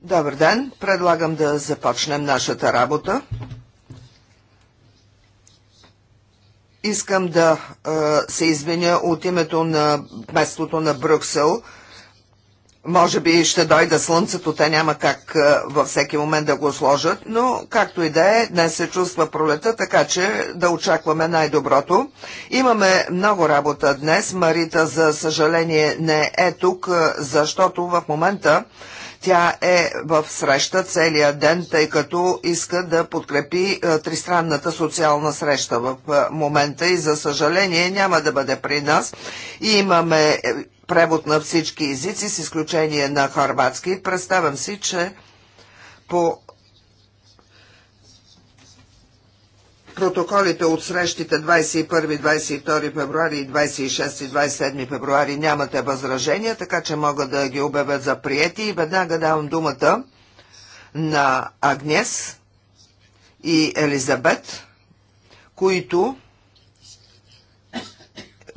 Добър ден, предлагам да започнем нашата работа. Искам да се извиня от името на местото на Брюксел, може би ще дойде слънцето, те няма как е, във всеки момент да го сложат, но както и да е, днес се чувства пролета, така че да очакваме най-доброто. Имаме много работа днес. Марита, за съжаление, не е тук, е, защото в момента тя е в среща целия ден, тъй като иска да подкрепи е, тристранната социална среща в момента и за съжаление няма да бъде при нас. И имаме превод на всички езици, с изключение на хорватски. Представям си, че по протоколите от срещите 21, 22 февруари и 26 и 27 февруари нямате възражения, така че мога да ги обявя за приети и веднага давам думата на Агнес и Елизабет, които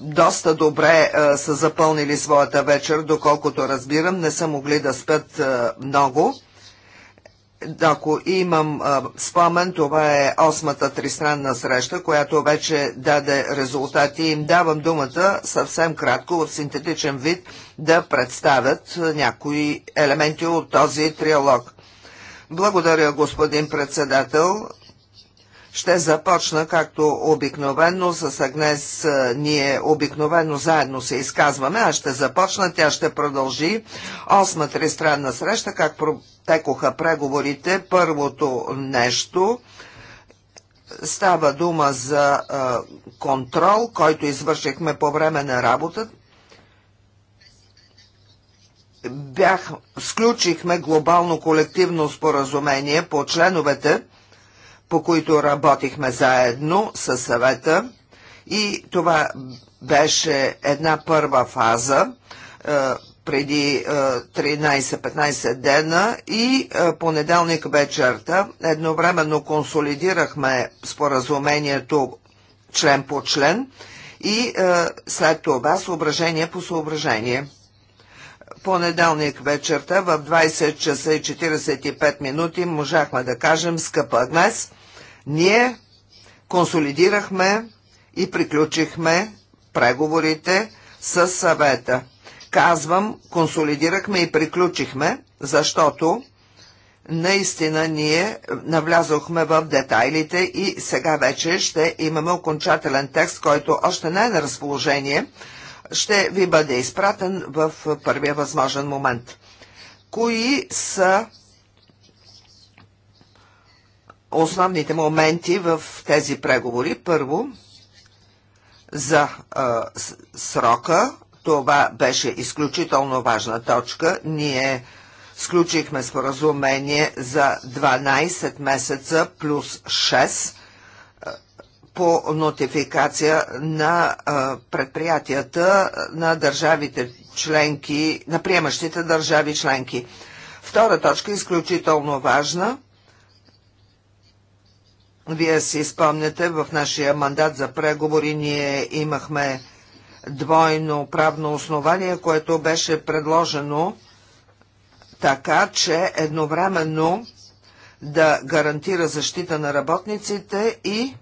доста добре а, е, са запълнили своята вечер, доколкото разбирам, не са могли да спят а, е, много. Ако имам а, е, спомен, това е осмата тристранна среща, която вече даде резултати. Им давам думата съвсем кратко в синтетичен вид да представят някои елементи от този триалог. Благодаря, господин председател. Ще започна, както обикновено, с Агнес. Е, ние обикновено заедно се изказваме. а ще започна, тя ще продължи. Осма тристранна среща, как протекоха преговорите. Първото нещо става дума за е, контрол, който извършихме по време на работата бях, сключихме глобално колективно споразумение по членовете по които работихме заедно с съвета и това беше една първа фаза е, преди 13-15 е, дена и е, понеделник вечерта едновременно консолидирахме споразумението член по член и след това съображение по съображение понеделник вечерта в 20 часа и 45 минути можахме да кажем, скъпа днес, ние консолидирахме и приключихме преговорите с съвета. Казвам, консолидирахме и приключихме, защото наистина ние навлязохме в детайлите и сега вече ще имаме окончателен текст, който още не е на разположение, ще ви бъде изпратен в първия възможен момент. Кои са основните моменти в тези преговори. Първо, за а, срока. Това беше изключително важна точка. Ние сключихме споразумение за 12 месеца плюс 6 по нотификация на предприятията на държавите членки, на приемащите държави членки. Втора точка, изключително важна – вие си спомняте, в нашия мандат за преговори ние имахме двойно правно основание, което беше предложено така, че едновременно да гарантира защита на работниците и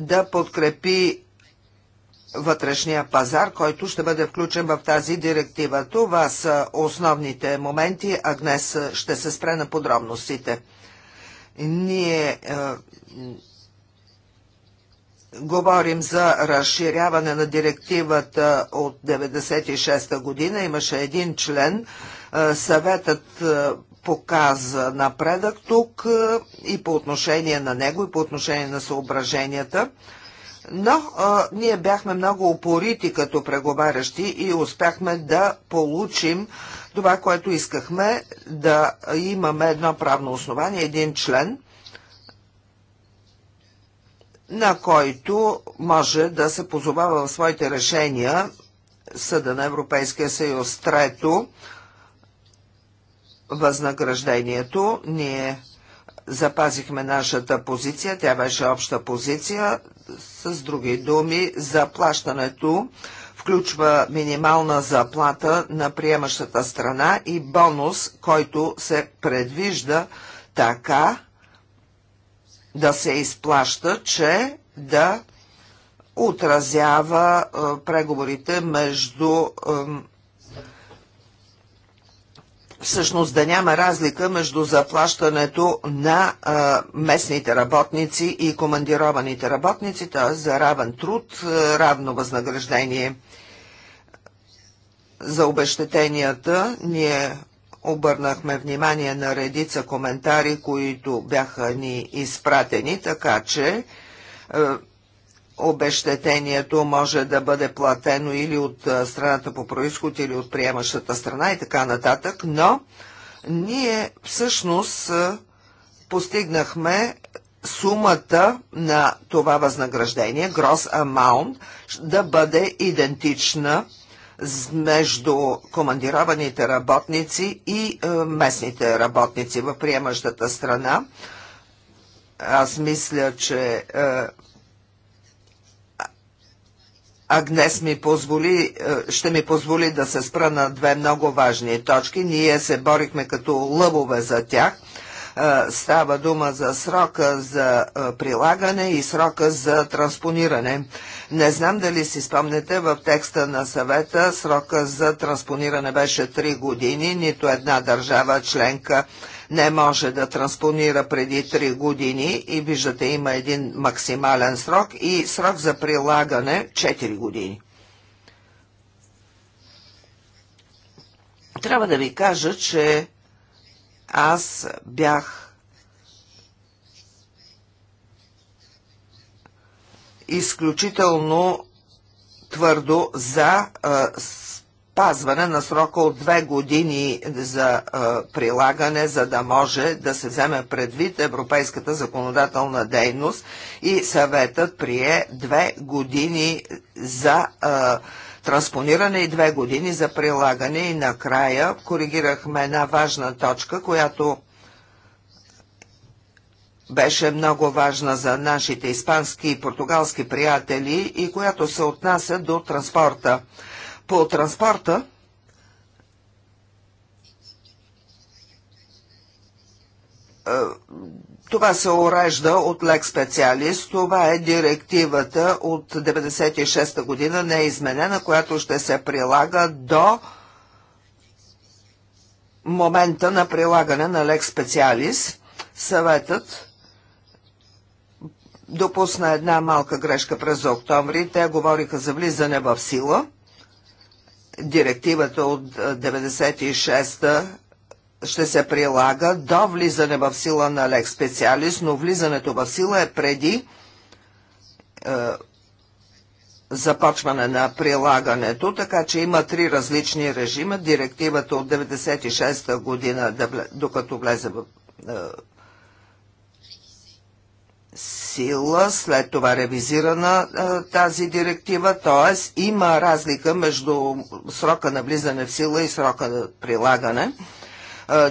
да подкрепи вътрешния пазар, който ще бъде включен в тази директива. Това са основните моменти, а днес ще се спре на подробностите. Ние е, говорим за разширяване на директивата от 96 година. Имаше един член. Е, съветът е, показа напредък тук и по отношение на него, и по отношение на съображенията. Но а, ние бяхме много упорити като преговарящи и успяхме да получим това, което искахме да имаме едно правно основание, един член, на който може да се позовава в своите решения Съда на Европейския съюз. Трето, възнаграждението. Ние запазихме нашата позиция, тя беше обща позиция, с други думи, заплащането включва минимална заплата на приемащата страна и бонус, който се предвижда така да се изплаща, че да отразява е, преговорите между всъщност да няма разлика между заплащането на а, е, местните работници и командированите работници, т.е. за равен труд, а, е, равно възнаграждение за обещетенията ние обърнахме внимание на редица коментари, които бяха ни изпратени, така че е, обещетението може да бъде платено или от е, страната по происход, или от приемащата страна и така нататък, но ние всъщност е, постигнахме сумата на това възнаграждение, gross amount, да бъде идентична между командированите работници и е, местните работници в приемащата страна. Аз мисля, че е, Агнес ми позволи, е, ще ми позволи да се спра на две много важни точки. Ние се борихме като лъвове за тях. Става дума за срока за прилагане и срока за транспониране. Не знам дали си спомнете, в текста на съвета срока за транспониране беше 3 години, нито една държава членка не може да транспонира преди 3 години и виждате има един максимален срок и срок за прилагане 4 години. Трябва да ви кажа, че аз бях изключително твърдо за спазване на срока от две години за прилагане, за да може да се вземе предвид европейската законодателна дейност и съветът прие две години за транспониране и две години за прилагане и накрая коригирахме една важна точка, която беше много важна за нашите испански и португалски приятели и която се отнася до транспорта. По транспорта е, това се урежда от лек специалист. Това е директивата от 96-та година, не е изменена, която ще се прилага до момента на прилагане на лек специалист. Съветът допусна една малка грешка през октомври. Те говориха за влизане в сила. Директивата от 96-та е, ще се прилага до влизане в сила на лек специалист, но влизането в сила е преди е, започване на прилагането, така че има три различни режима. Директивата от 96-та година, докато влезе в е, сила, след това ревизирана тази директива, т.е. има разлика между срока на влизане в сила и срока на прилагане.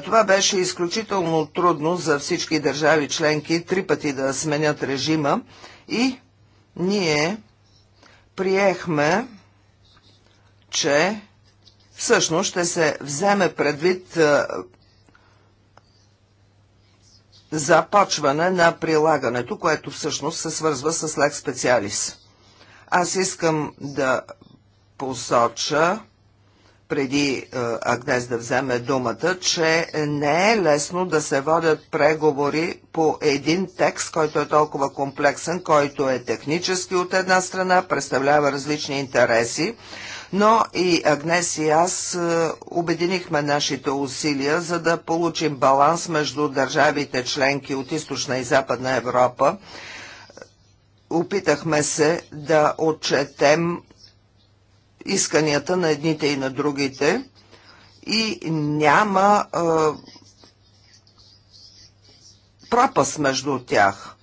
Това беше изключително трудно за всички държави членки три пъти да сменят режима и ние приехме, че всъщност ще се вземе предвид започване на прилагането, което всъщност се свързва с лек специалис. Аз искам да посоча, преди е, Агнес да вземе думата, че не е лесно да се водят преговори по един текст, който е толкова комплексен, който е технически от една страна, представлява различни интереси но и Агнес и аз обединихме нашите усилия, за да получим баланс между държавите членки от източна и западна Европа. Опитахме се да отчетем исканията на едните и на другите и няма пропаст между тях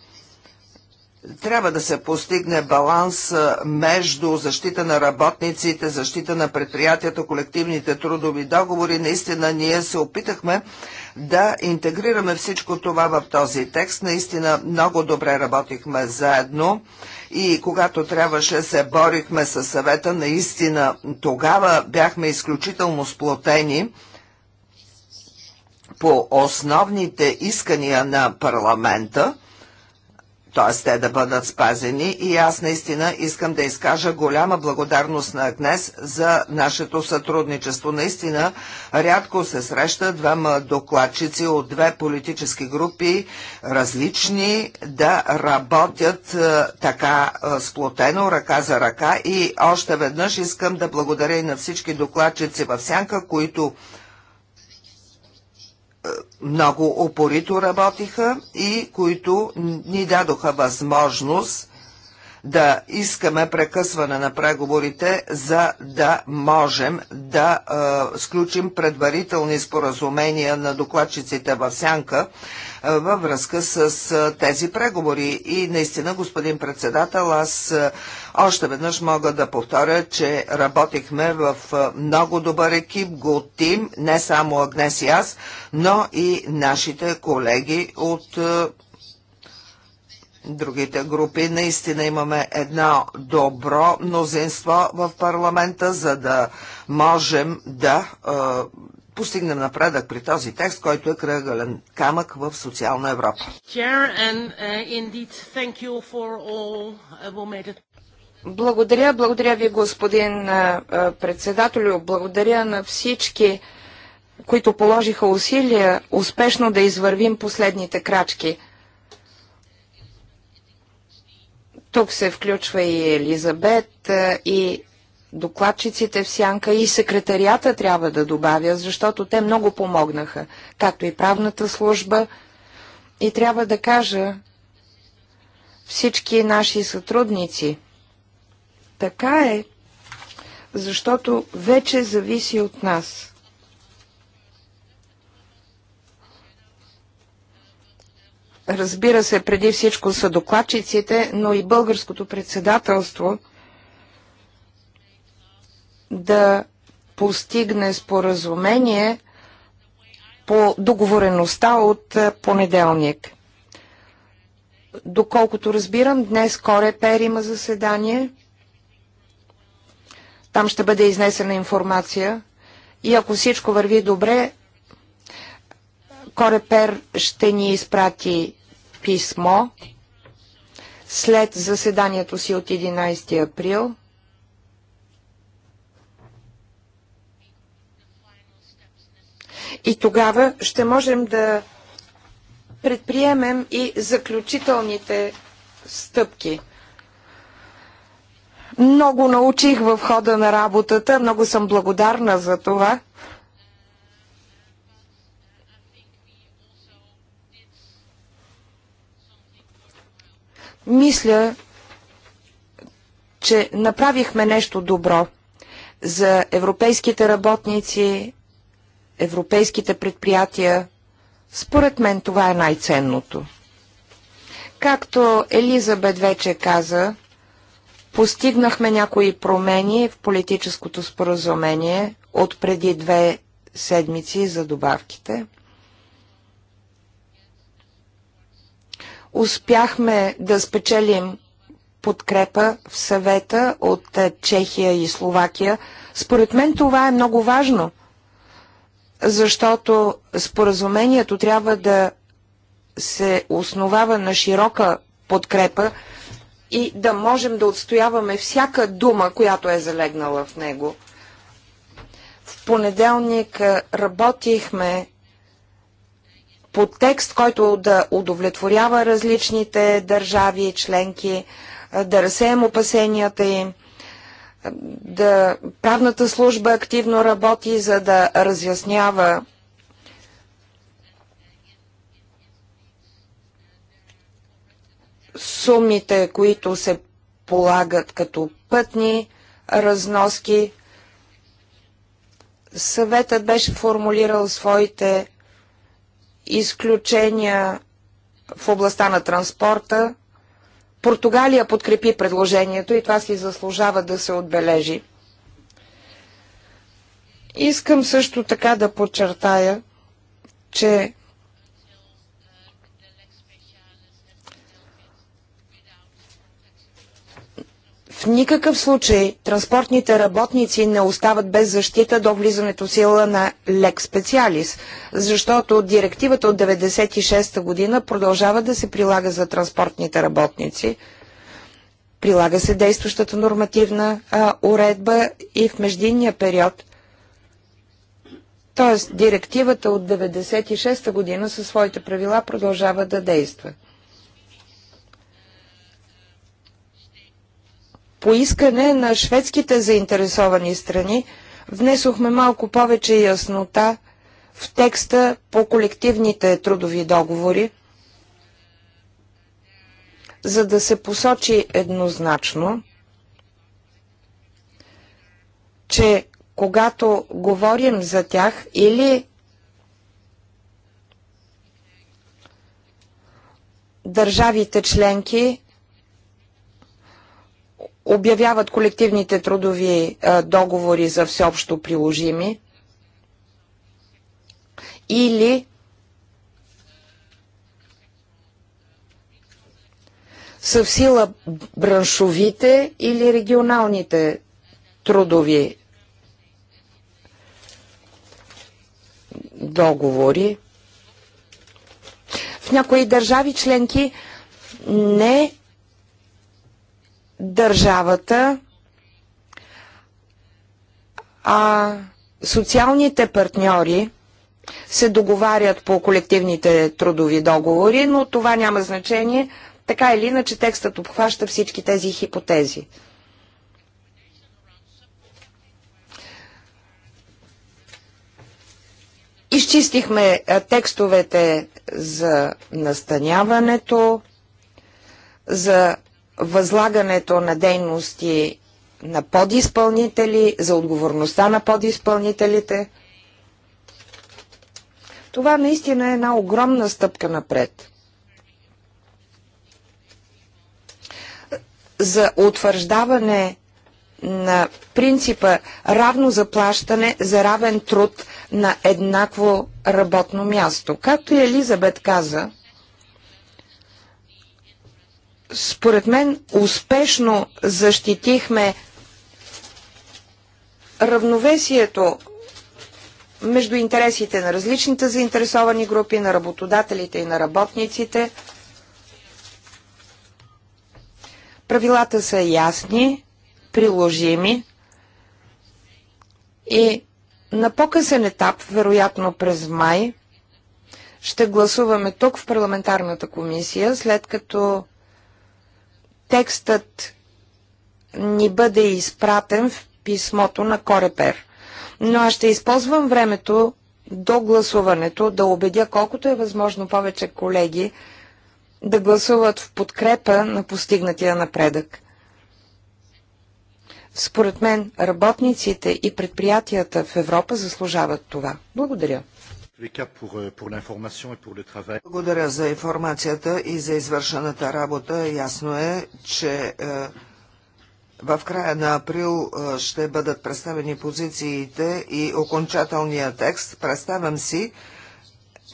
трябва да се постигне баланс между защита на работниците, защита на предприятията, колективните трудови договори. Наистина ние се опитахме да интегрираме всичко това в този текст. Наистина много добре работихме заедно и когато трябваше се борихме със съвета, наистина тогава бяхме изключително сплотени по основните искания на парламента т.е. те да бъдат спазени. И аз наистина искам да изкажа голяма благодарност на Агнес за нашето сътрудничество. Наистина рядко се среща двама докладчици от две политически групи, различни, да работят е, така е, сплотено, ръка за ръка. И още веднъж искам да благодаря и на всички докладчици в Сянка, които много опорито работиха и които ни дадоха възможност да искаме прекъсване на преговорите, за да можем да е, сключим предварителни споразумения на докладчиците в Сянка е, във връзка с е, тези преговори. И наистина, господин председател, аз е, още веднъж мога да повторя, че работихме в е, много добър екип, готим, не само Агнес и аз, но и нашите колеги от е, другите групи. Наистина имаме едно добро мнозинство в парламента, за да можем да е, постигнем напредък при този текст, който е кръгален камък в социална Европа. Uh, uh, благодаря, благодаря ви, господин председател, Благодаря на всички, които положиха усилия успешно да извървим последните крачки. Тук се включва и Елизабет, и докладчиците в Сянка, и секретарията трябва да добавя, защото те много помогнаха, както и правната служба. И трябва да кажа всички наши сътрудници. Така е, защото вече зависи от нас. разбира се, преди всичко са докладчиците, но и българското председателство да постигне споразумение по договореността от понеделник. Доколкото разбирам, днес Корепер има заседание. Там ще бъде изнесена информация. И ако всичко върви добре, Корепер ще ни изпрати писмо след заседанието си от 11 април. И тогава ще можем да предприемем и заключителните стъпки. Много научих в хода на работата, много съм благодарна за това. Мисля, че направихме нещо добро за европейските работници, европейските предприятия. Според мен това е най-ценното. Както Елизабет вече каза, постигнахме някои промени в политическото споразумение от преди две седмици за добавките – Успяхме да спечелим подкрепа в съвета от е, Чехия и Словакия. Според мен това е много важно, защото споразумението трябва да се основава на широка подкрепа и да можем да отстояваме всяка дума, която е залегнала в него. В понеделник е, работихме Подтекст, текст, който да удовлетворява различните държави и членки, да разсеем опасенията им, да правната служба активно работи, за да разяснява сумите, които се полагат като пътни разноски. Съветът беше формулирал своите изключения в областта на транспорта. Португалия подкрепи предложението и това си заслужава да се отбележи. Искам също така да подчертая, че В никакъв случай транспортните работници не остават без защита до влизането сила на лек специалис, защото директивата от 1996 година продължава да се прилага за транспортните работници. Прилага се действащата нормативна а, уредба и в междинния период. Тоест, директивата от 1996 година със своите правила продължава да действа. По искане на шведските заинтересовани страни внесохме малко повече яснота в текста по колективните трудови договори, за да се посочи еднозначно, че когато говорим за тях или държавите членки обявяват колективните трудови договори за всеобщо приложими или са в сила браншовите или регионалните трудови договори. В някои държави членки не държавата, а социалните партньори се договарят по колективните трудови договори, но това няма значение. Така или иначе текстът обхваща всички тези хипотези. Изчистихме текстовете за настаняването, за възлагането на дейности на подизпълнители, за отговорността на подизпълнителите. Това наистина е една огромна стъпка напред. За утвърждаване на принципа равно заплащане за равен труд на еднакво работно място. Както и Елизабет каза, според мен успешно защитихме равновесието между интересите на различните заинтересовани групи, на работодателите и на работниците. Правилата са ясни, приложими и на по-късен етап, вероятно през май, ще гласуваме тук в парламентарната комисия, след като Текстът ни бъде изпратен в писмото на Корепер. Но аз ще използвам времето до гласуването да убедя колкото е възможно повече колеги да гласуват в подкрепа на постигнатия напредък. Според мен работниците и предприятията в Европа заслужават това. Благодаря. Euh, Благодаря за информацията и за извършената работа. Ясно е, че е, в края на април е, ще бъдат представени позициите и окончателния текст. Представям си,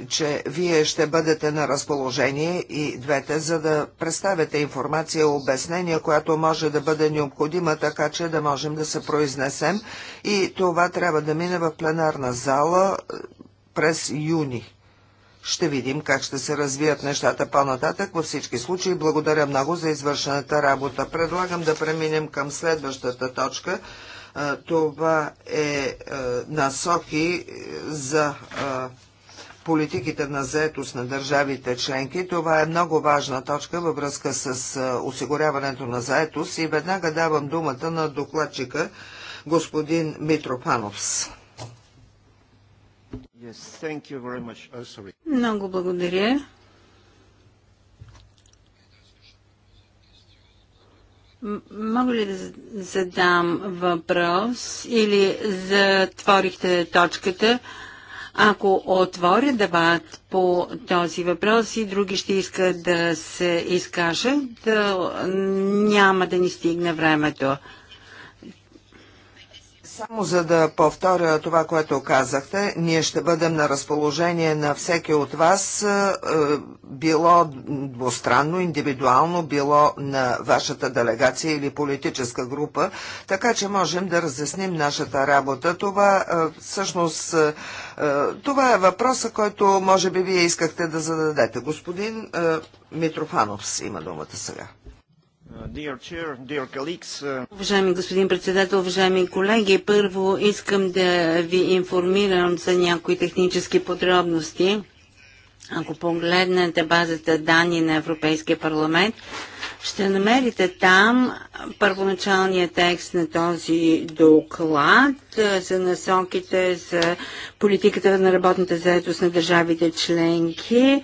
че вие ще бъдете на разположение и двете, за да представяте информация и обяснение, която може да бъде необходима, така че да можем да се произнесем. И това трябва да мине в пленарна зала през юни. Ще видим как ще се развият нещата по-нататък. Във всички случаи благодаря много за извършената работа. Предлагам да преминем към следващата точка. Това е насоки е, за политиките на заетост на държавите членки. Това е много важна точка във връзка с осигуряването на заетост и веднага давам думата на докладчика господин Митропановс. Oh, Много благодаря. Мога ли да задам въпрос или затворихте точката? Ако отворя дебат по този въпрос и други ще искат да се изкажат, да няма да ни стигне времето. Само за да повторя това, което казахте, ние ще бъдем на разположение на всеки от вас, е, е, било двустранно, индивидуално, било на вашата делегация или политическа група, така че можем да разясним нашата работа. Това е, всъщност това е въпроса, който може би вие искахте да зададете. Господин Митрофанов има думата сега. Uh, уважаеми господин председател, уважаеми колеги, първо искам да ви информирам за някои технически подробности. Ако погледнете базата данни на Европейския парламент, ще намерите там първоначалния текст на този доклад за насоките за политиката на работната заедост на държавите членки.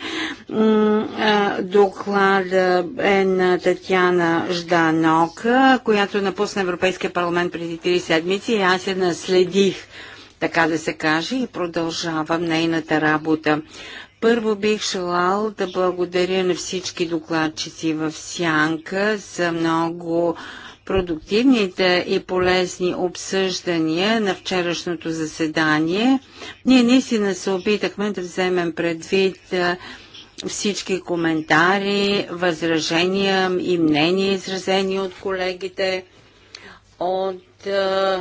Доклад е на Татьяна Жданока, която напусна Европейския парламент преди 3 седмици и аз я наследих така да се каже, и продължавам нейната работа. Първо бих желал да благодаря на всички докладчици в Сянка за много продуктивните и полезни обсъждания на вчерашното заседание. Ние наистина се опитахме да вземем предвид всички коментари, възражения и мнения, изразени от колегите от а,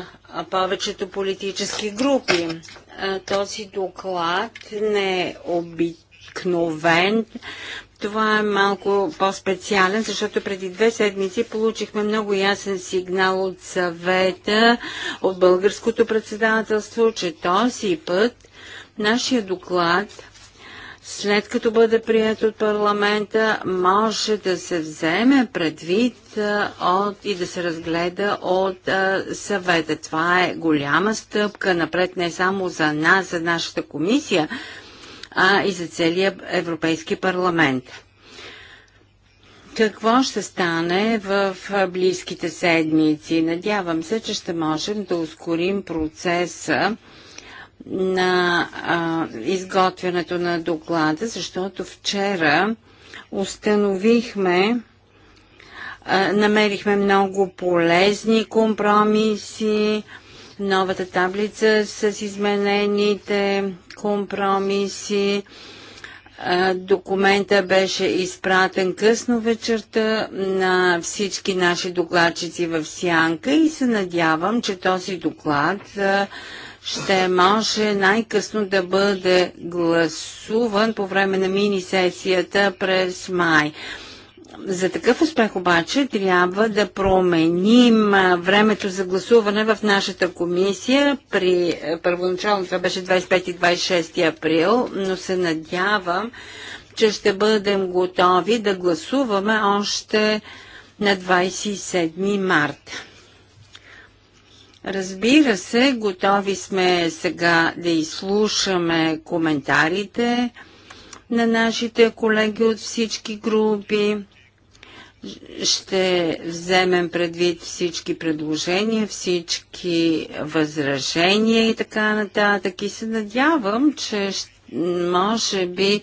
повечето политически групи този доклад не е обикновен. Това е малко по-специален, защото преди две седмици получихме много ясен сигнал от съвета, от българското председателство, че този път нашия доклад след като бъде прият от парламента, може да се вземе предвид от, и да се разгледа от а, съвета. Това е голяма стъпка напред не само за нас, за нашата комисия, а и за целия Европейски парламент. Какво ще стане в близките седмици? Надявам се, че ще можем да ускорим процеса на а, изготвянето на доклада, защото вчера установихме, а, намерихме много полезни компромиси, новата таблица с изменените компромиси. документа беше изпратен късно вечерта на всички наши докладчици в Сянка и се надявам, че този доклад а, ще може най-късно да бъде гласуван по време на мини-сесията през май. За такъв успех обаче трябва да променим времето за гласуване в нашата комисия. При е, първоначално това беше 25 и 26 април, но се надявам, че ще бъдем готови да гласуваме още на 27 марта. Разбира се, готови сме сега да изслушаме коментарите на нашите колеги от всички групи. Ще вземем предвид всички предложения, всички възражения и така нататък. И се надявам, че може би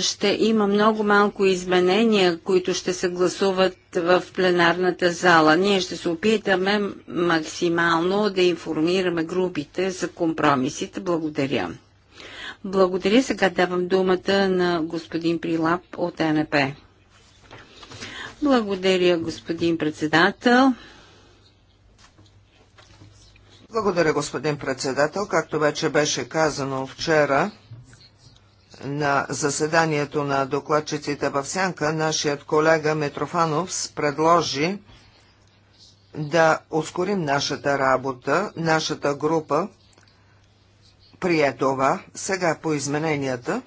ще има много малко изменения, които ще се гласуват в пленарната зала. Ние ще се опитаме максимално да информираме групите за компромисите. Благодаря. Благодаря. Сега давам думата на господин Прилап от НП. Благодаря, господин председател. Благодаря, господин председател. Както вече беше казано вчера, на заседанието на докладчиците в Сянка, нашият колега Митрофанов предложи да ускорим нашата работа, нашата група прие това. Сега по измененията.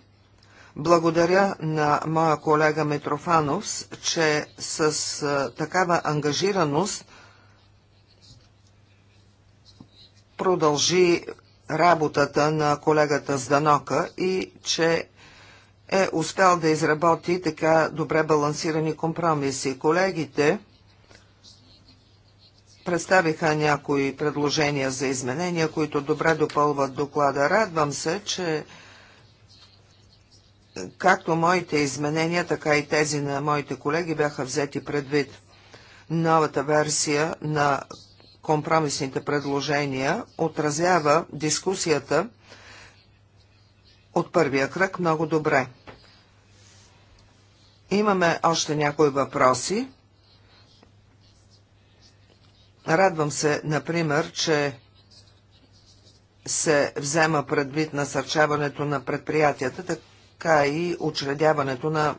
Благодаря на моя колега Митрофанов, че с такава ангажираност продължи работата на колегата Зданока и че е успял да изработи така добре балансирани компромиси. Колегите представиха някои предложения за изменения, които добре допълват доклада. Радвам се, че както моите изменения, така и тези на моите колеги бяха взети предвид. Новата версия на компромисните предложения отразява дискусията от първия кръг много добре. Имаме още някои въпроси. Радвам се, например, че се взема предвид насърчаването на предприятията, така и учредяването на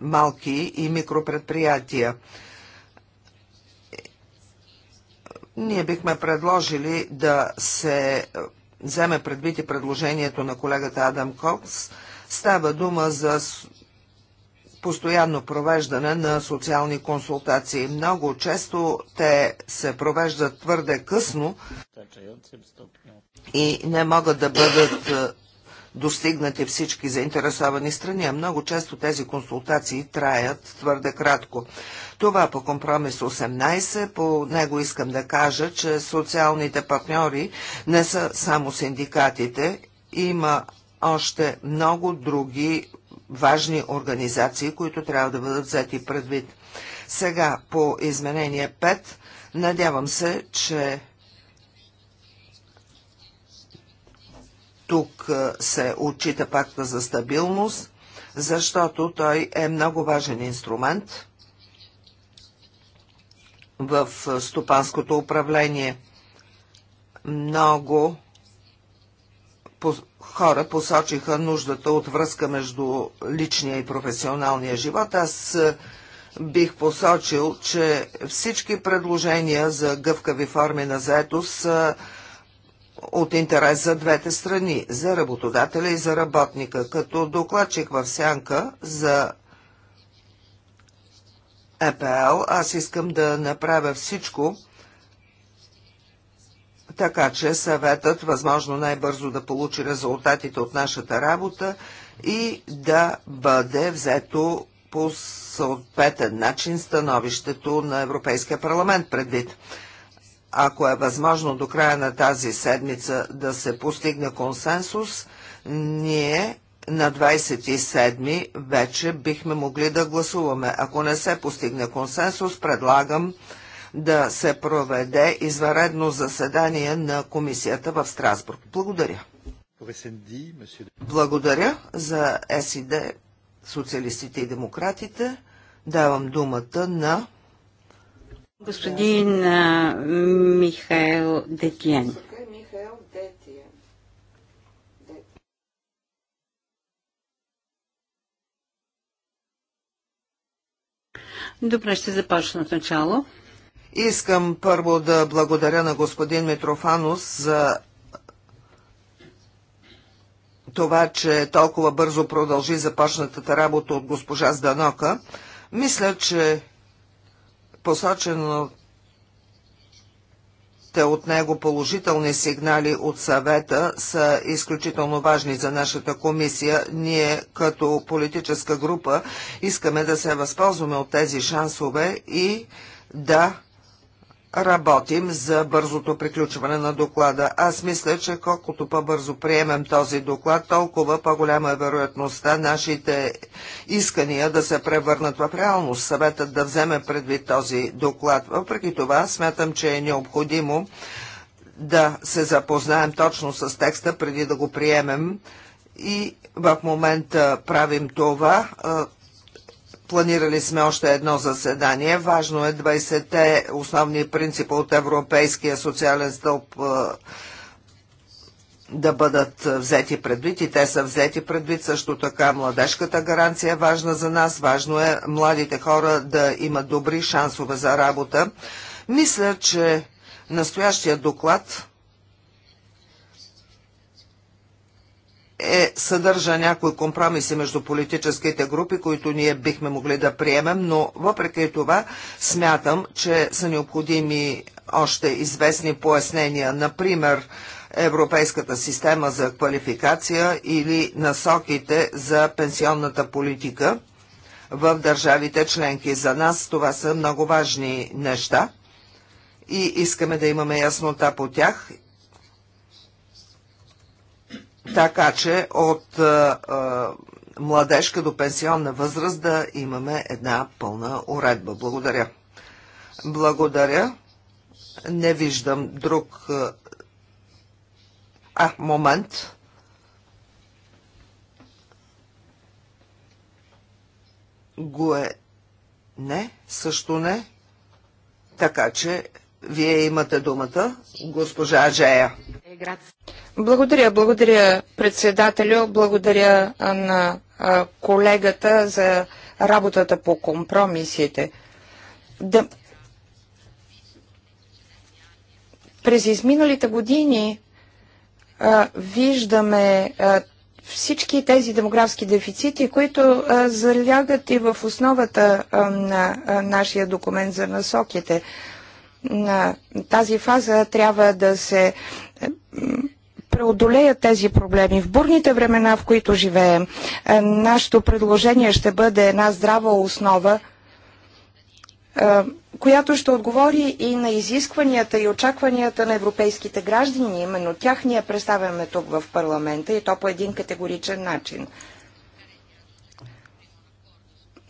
малки и микропредприятия. Ние бихме предложили да се е, вземе предвид и предложението на колегата Адам Кокс. Става дума за постоянно провеждане на социални консултации. Много често те се провеждат твърде късно и не могат да бъдат е, достигнати всички заинтересовани страни, а много често тези консултации траят твърде кратко. Това по компромис 18, по него искам да кажа, че социалните партньори не са само синдикатите, има още много други важни организации, които трябва да бъдат взети предвид. Сега по изменение 5, надявам се, че Тук се отчита пакта за стабилност, защото той е много важен инструмент в стопанското управление. Много хора посочиха нуждата от връзка между личния и професионалния живот. Аз бих посочил, че всички предложения за гъвкави форми на заетост са от интерес за двете страни, за работодателя и за работника. Като докладчик в сянка за ЕПЛ, аз искам да направя всичко, така че съветът възможно най-бързо да получи резултатите от нашата работа и да бъде взето по съответен начин становището на Европейския парламент предвид ако е възможно до края на тази седмица да се постигне консенсус, ние на 27 вече бихме могли да гласуваме. Ако не се постигне консенсус, предлагам да се проведе изваредно заседание на комисията в Страсбург. Благодаря. Благодаря за СИД, социалистите и демократите. Давам думата на Господин а, Михаил Детиен. Добре, ще започна от начало. Искам първо да благодаря на господин Митрофанус за това, че толкова бързо продължи започнатата работа от госпожа Зданока. Мисля, че посочено от него положителни сигнали от съвета са изключително важни за нашата комисия. Ние като политическа група искаме да се възползваме от тези шансове и да работим за бързото приключване на доклада. Аз мисля, че колкото по-бързо приемем този доклад, толкова по-голяма е вероятността нашите искания да се превърнат в реалност. Съветът да вземе предвид този доклад. Въпреки това, смятам, че е необходимо да се запознаем точно с текста преди да го приемем и в момента правим това. Планирали сме още едно заседание. Важно е 20-те основни принципа от Европейския социален стълб да бъдат взети предвид и те са взети предвид. Също така младежката гаранция е важна за нас. Важно е младите хора да имат добри шансове за работа. Мисля, че настоящия доклад е, съдържа някои компромиси между политическите групи, които ние бихме могли да приемем, но въпреки това смятам, че са необходими още известни пояснения. Например, Европейската система за квалификация или насоките за пенсионната политика в държавите членки. За нас това са много важни неща и искаме да имаме яснота по тях така че от а, младежка до пенсионна възраст да имаме една пълна уредба. Благодаря. Благодаря. Не виждам друг. А, момент. Гуе. Не, също не. Така че вие имате думата, госпожа Аджея. Благодаря, благодаря председателю, благодаря на колегата за работата по компромисите. Да... През изминалите години а, виждаме а, всички тези демографски дефицити, които а, залягат и в основата а, на а, нашия документ за насоките. А, на тази фаза трябва да се е, преодолеят тези проблеми. В бурните времена, в които живеем, е, нашето предложение ще бъде една здрава основа, е, която ще отговори и на изискванията и очакванията на европейските граждани. Именно тях ние представяме тук в парламента и то по един категоричен начин.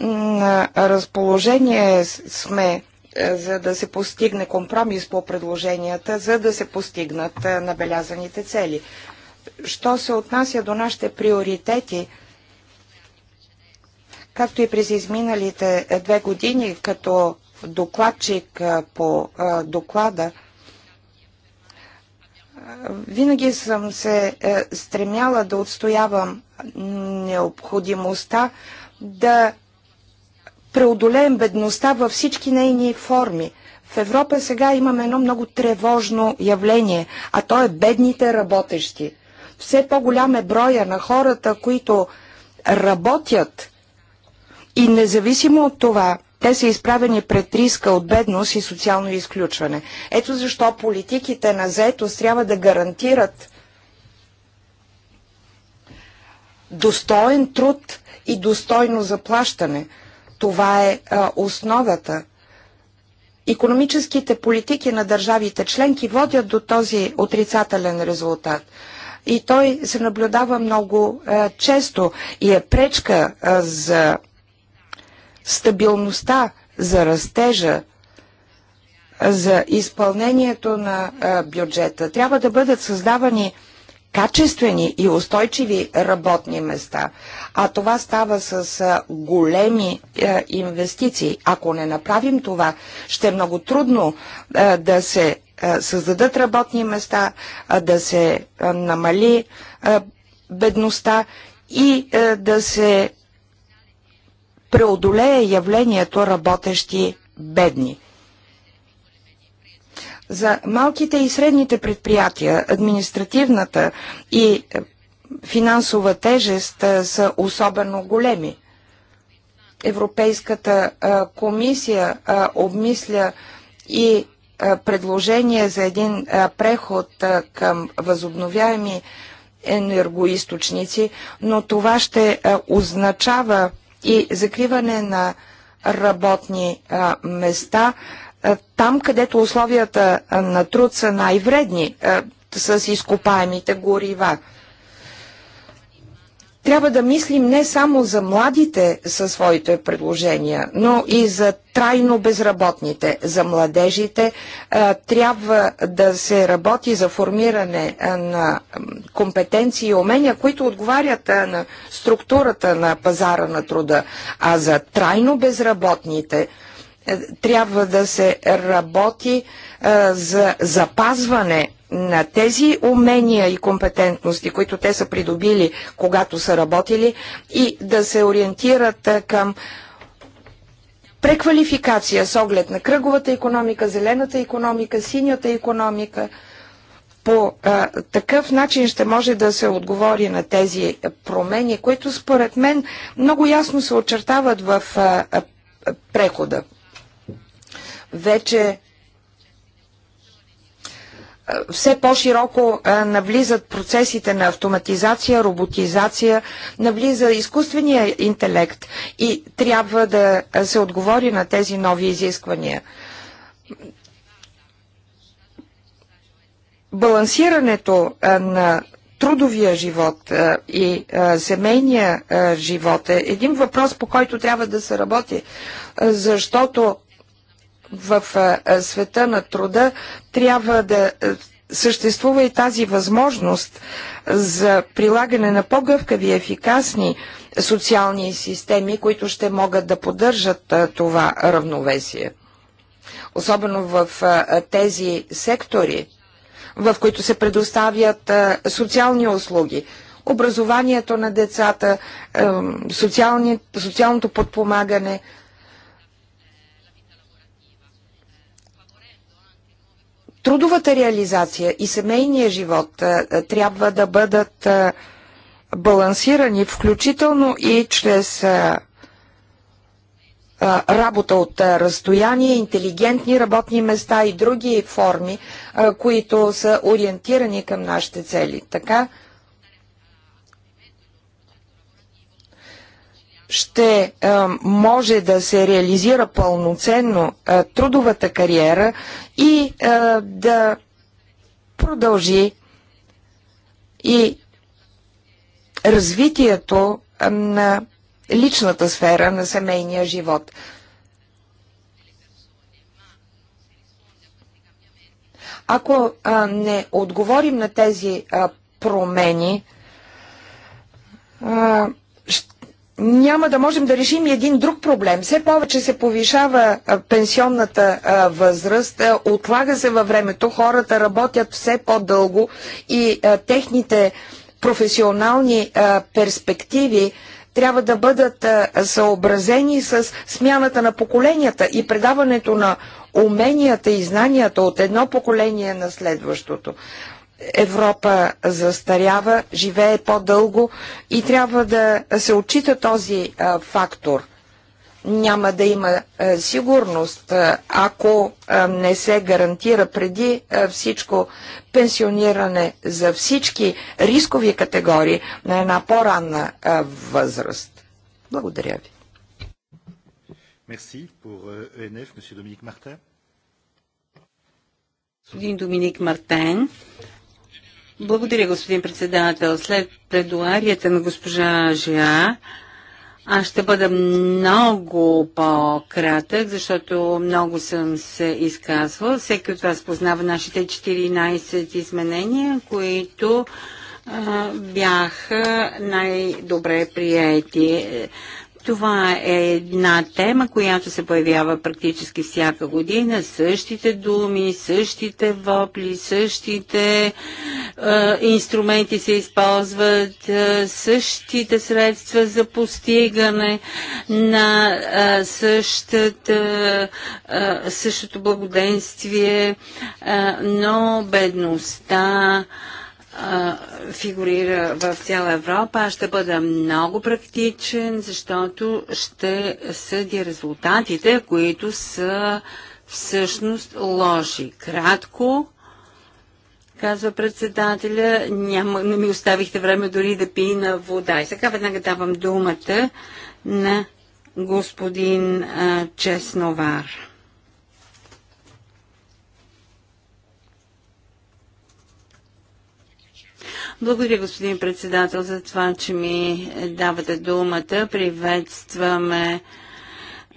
На разположение сме е, за да се постигне компромис по предложенията, за да се постигнат е, набелязаните цели. Що се отнася до нашите приоритети, както и през изминалите е, две години като докладчик по доклада, винаги съм се стремяла да отстоявам необходимостта да преодолеем бедността във всички нейни форми. В Европа сега имаме едно много тревожно явление, а то е бедните работещи. Все по-голям е броя на хората, които работят и независимо от това, те са изправени пред риска от бедност и социално изключване. Ето защо политиките на заетост трябва да гарантират достоен труд и достойно заплащане – това е а, основата. Економическите политики на държавите членки водят до този отрицателен резултат. И той се наблюдава много а, често и е пречка а, за стабилността, за растежа, за изпълнението на бюджета. Трябва да бъдат създавани качествени и устойчиви работни места, а това става с големи е, инвестиции. Ако не направим това, ще е много трудно е, да се е, създадат работни места, е, да се е, намали е, бедността и да се преодолее явлението работещи бедни. За малките и средните предприятия административната и е, финансова тежест е, са особено големи. Европейската е, комисия обмисля и предложение за един преход към възобновяеми енергоисточници, но това ще означава и закриване на работни места, е, там, където условията е, на труд са най-вредни, е, с изкопаемите горива. Трябва да мислим не само за младите със своите предложения, но и за трайно безработните, за младежите. Трябва да се работи за формиране на компетенции и умения, които отговарят на структурата на пазара на труда. А за трайно безработните – трябва да се работи а, за запазване на тези умения и компетентности, които те са придобили, когато са работили, и да се ориентират към преквалификация с оглед на кръговата економика, зелената економика, синята економика. По а, такъв начин ще може да се отговори на тези промени, които според мен много ясно се очертават в а, прехода вече все по-широко навлизат процесите на автоматизация, роботизация, навлиза изкуствения интелект и трябва да се отговори на тези нови изисквания. Балансирането на трудовия живот и семейния живот е един въпрос, по който трябва да се работи, защото в света на труда трябва да съществува и тази възможност за прилагане на по-гъвкави, ефикасни социални системи, които ще могат да поддържат това равновесие. Особено в тези сектори, в които се предоставят социални услуги, образованието на децата, социалното подпомагане – трудовата реализация и семейния живот трябва да бъдат балансирани, включително и чрез работа от разстояние, интелигентни работни места и други форми, които са ориентирани към нашите цели. Така ще е, може да се реализира пълноценно е, трудовата кариера и е, да продължи и развитието на личната сфера на семейния живот. Ако а, не отговорим на тези а, промени, а, няма да можем да решим един друг проблем. Все повече се повишава пенсионната възраст, отлага се във времето, хората работят все по-дълго и техните професионални перспективи трябва да бъдат съобразени с смяната на поколенията и предаването на уменията и знанията от едно поколение на следващото. Европа застарява, живее по-дълго и трябва да се отчита този а, фактор. Няма да има а, сигурност, а, ако а, не се гарантира преди а, всичко пенсиониране за всички рискови категории на една по-ранна възраст. Благодаря ви. Merci pour euh, e Господин Доминик Мартен. Благодаря, господин председател. След предуарията на госпожа Жиа, аз ще бъда много по-кратък, защото много съм се изказвал. Всеки от вас познава нашите 14 изменения, които а, бяха най-добре приятели. Това е една тема, която се появява практически всяка година. Същите думи, същите вопли, същите е, инструменти се използват, е, същите средства за постигане на е, същата, е, същото благоденствие, е, но бедността. Е, фигурира в цяла Европа. Аз ще бъда много практичен, защото ще съдя резултатите, които са всъщност лоши. Кратко, казва председателя, няма, не ми оставихте време дори да пина вода. И сега веднага давам думата на господин а, Чесновар. Благодаря, господин председател, за това, че ми давате думата. Приветстваме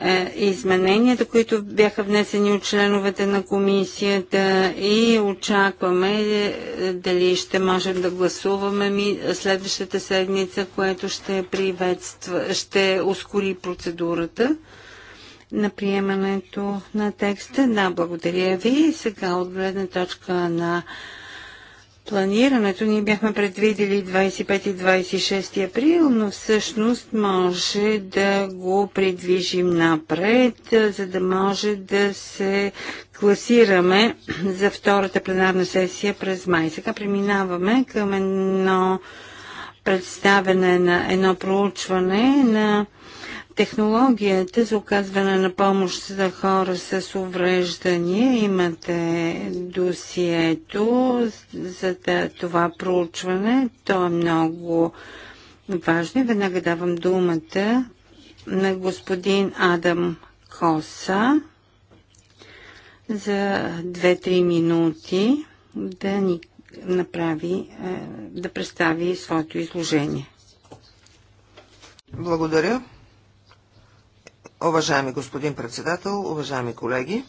е, измененията, които бяха внесени от членовете на комисията и очакваме е, дали ще можем да гласуваме ми следващата седмица, което ще приветства, ще ускори процедурата на приемането на текста. Да, благодаря ви. Сега от гледна точка на планирането ние бяхме предвидели 25 и 26 април, но всъщност може да го придвижим напред, за да може да се класираме за втората пленарна сесия през май. Сега преминаваме към едно представене на едно проучване на технологията за оказване на помощ за хора с увреждания. Имате досието за това проучване. То е много важно и веднага давам думата на господин Адам Коса за 2-3 минути да ни направи, е, да представи своето изложение. Благодаря. Уважаеми господин председател, уважаеми колеги,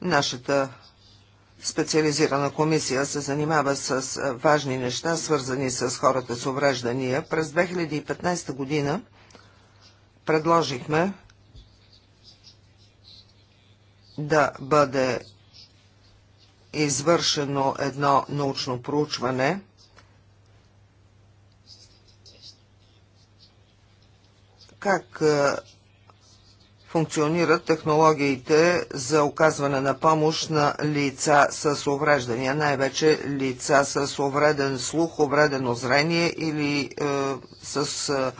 нашата специализирана комисия се занимава с важни неща, свързани с хората с увреждания. През 2015 година предложихме да бъде извършено едно научно проучване – как е, функционират технологиите за оказване на помощ на лица с увреждания, най-вече лица с увреден слух, увредено зрение или е, с е,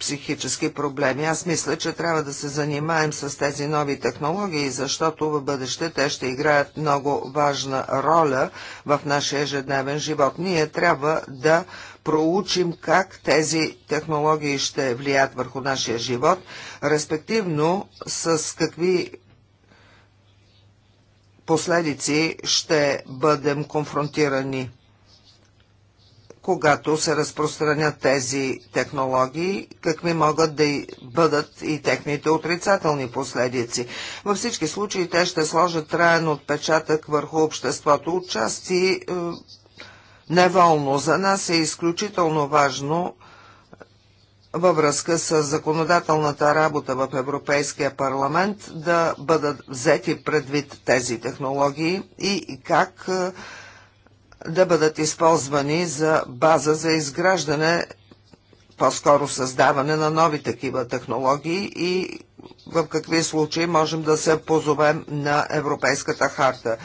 психически проблеми. Аз мисля, че трябва да се занимаем с тези нови технологии, защото в бъдеще те ще играят много важна роля в нашия ежедневен живот. Ние трябва да проучим как тези технологии ще влияят върху нашия живот, респективно с какви последици ще бъдем конфронтирани, когато се разпространят тези технологии, какви могат да бъдат и техните отрицателни последици. Във всички случаи те ще сложат траен отпечатък върху обществото, отчасти е, неволно. За нас е изключително важно във връзка с законодателната работа в Европейския парламент да бъдат взети предвид тези технологии и как е, да бъдат използвани за база за изграждане, по-скоро създаване на нови такива технологии и в какви случаи можем да се позовем на Европейската харта.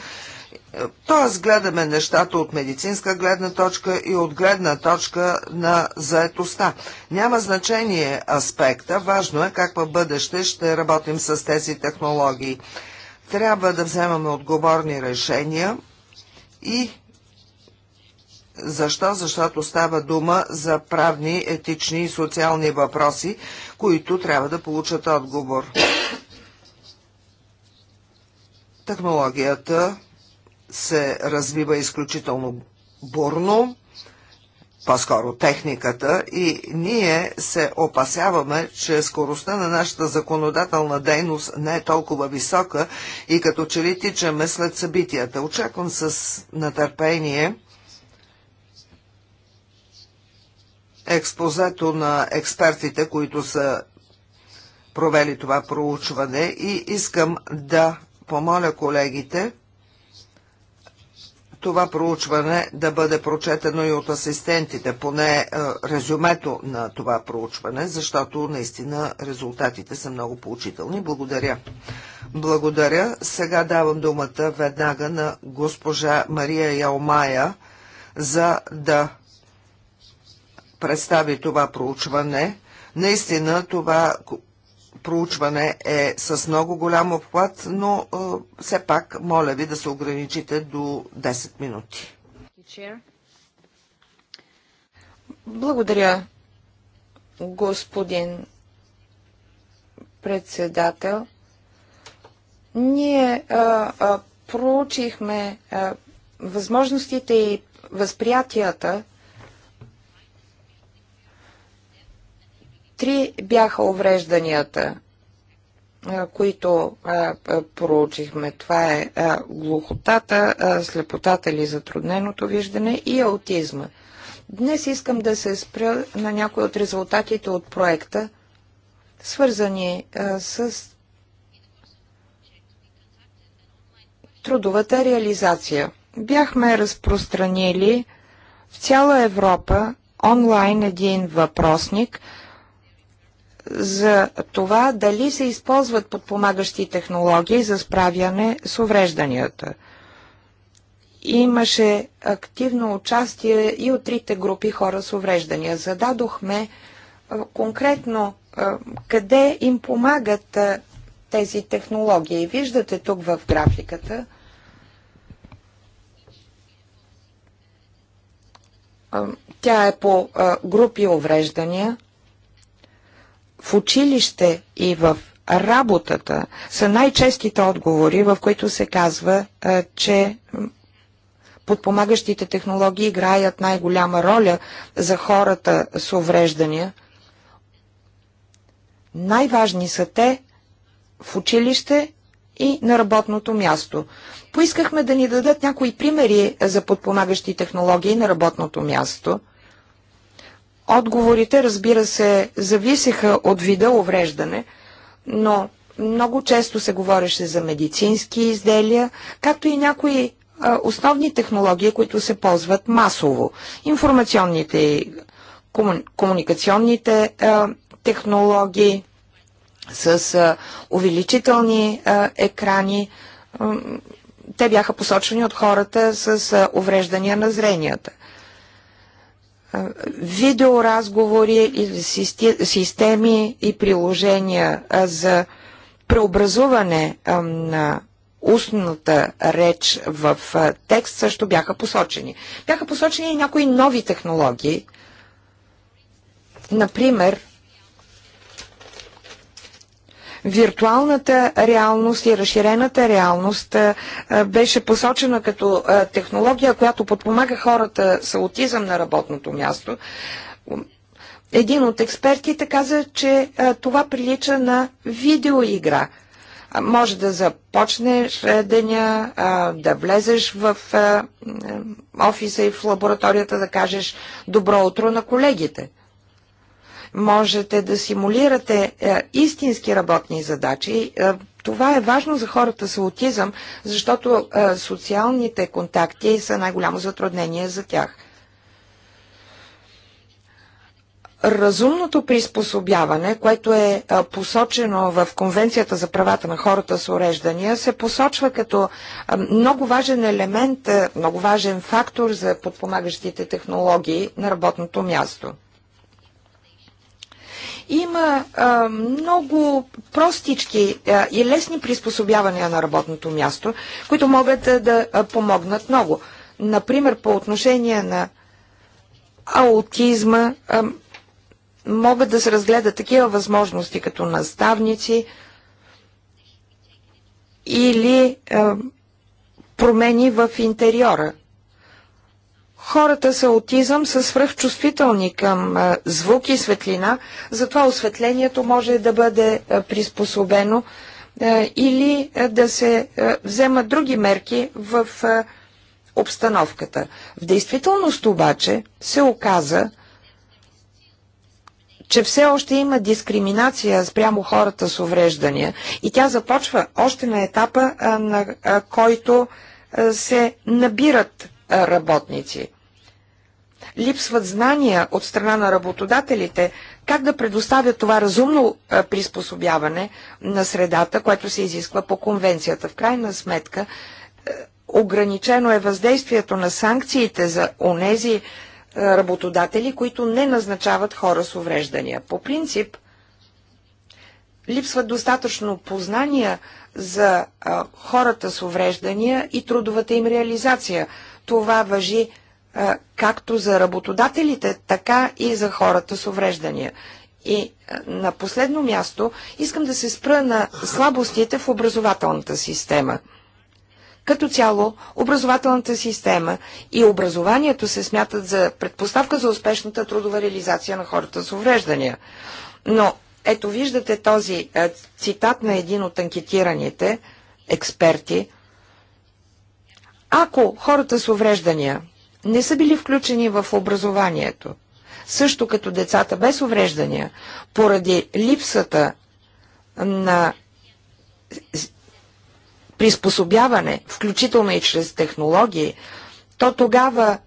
Тоест гледаме нещата от медицинска гледна точка и от гледна точка на заетостта. Няма значение аспекта, важно е как в бъдеще ще работим с тези технологии. Трябва да вземаме отговорни решения и защо? Защото става дума за правни, етични и социални въпроси, които трябва да получат отговор. Технологията се развива изключително бурно, по-скоро техниката, и ние се опасяваме, че скоростта на нашата законодателна дейност не е толкова висока и като че ли тичаме след събитията. Очаквам с натърпение експозето на експертите, които са провели това проучване и искам да помоля колегите това проучване да бъде прочетено и от асистентите, поне е, резюмето на това проучване, защото наистина резултатите са много поучителни. Благодаря. Благодаря. Сега давам думата веднага на госпожа Мария Ялмая, за да представи това проучване. Наистина това проучване е с много голям обхват, но е, все пак моля ви да се ограничите до 10 минути. Благодаря, господин председател. Ние а, е, а, е, проучихме а, възможностите и възприятията Три бяха уврежданията, които проучихме. Това е глухотата, слепотата или затрудненото виждане и аутизма. Днес искам да се спря на някои от резултатите от проекта, свързани с трудовата реализация. Бяхме разпространили в цяла Европа онлайн един въпросник – за това дали се използват подпомагащи технологии за справяне с уврежданията. Имаше активно участие и от трите групи хора с увреждания. Зададохме конкретно къде им помагат тези технологии. Виждате тук в графиката тя е по групи увреждания – в училище и в работата са най-честите отговори, в които се казва, че подпомагащите технологии играят най-голяма роля за хората с увреждания. Най-важни са те в училище и на работното място. Поискахме да ни дадат някои примери за подпомагащи технологии на работното място – Отговорите, разбира се, зависеха от вида увреждане, но много често се говореше за медицински изделия, както и някои а, основни технологии, които се ползват масово. Информационните и кому... комуникационните а, технологии с а, увеличителни екрани. Те бяха посочени от хората с увреждания на зренията видеоразговори системи и приложения за преобразуване на устната реч в текст също бяха посочени. Бяха посочени и някои нови технологии, например Виртуалната реалност и разширената реалност беше посочена като технология, която подпомага хората с аутизъм на работното място. Един от експертите каза, че това прилича на видеоигра – може да започнеш деня, да влезеш в офиса и в лабораторията да кажеш добро утро на колегите – можете да симулирате е, истински работни задачи. Е, това е важно за хората с аутизъм, защото е, социалните контакти са най-голямо затруднение за тях. Разумното приспособяване, което е, е посочено в Конвенцията за правата на хората с уреждания, се посочва като е, много важен елемент, е, много важен фактор за подпомагащите технологии на работното място. Има а, много простички а, и лесни приспособявания на работното място, които могат а, да а, помогнат много. Например, по отношение на аутизма а, могат да се разгледат такива възможности като наставници или а, промени в интериора Хората с аутизъм са свръхчувствителни към звук и светлина, затова осветлението може да бъде приспособено или да се вземат други мерки в обстановката. В действителност обаче се оказа, че все още има дискриминация спрямо хората с увреждания и тя започва още на етапа, на който се набират работници. Липсват знания от страна на работодателите как да предоставят това разумно приспособяване на средата, което се изисква по конвенцията. В крайна сметка, ограничено е въздействието на санкциите за онези работодатели, които не назначават хора с увреждания. По принцип, липсват достатъчно познания за хората с увреждания и трудовата им реализация. Това въжи а, както за работодателите, така и за хората с увреждания. И а, на последно място искам да се спра на слабостите в образователната система. Като цяло, образователната система и образованието се смятат за предпоставка за успешната трудова реализация на хората с увреждания. Но ето виждате този цитат на един от анкетираните експерти – ако хората с увреждания не са били включени в образованието, също като децата без увреждания, поради липсата на приспособяване, включително и чрез технологии, то тогава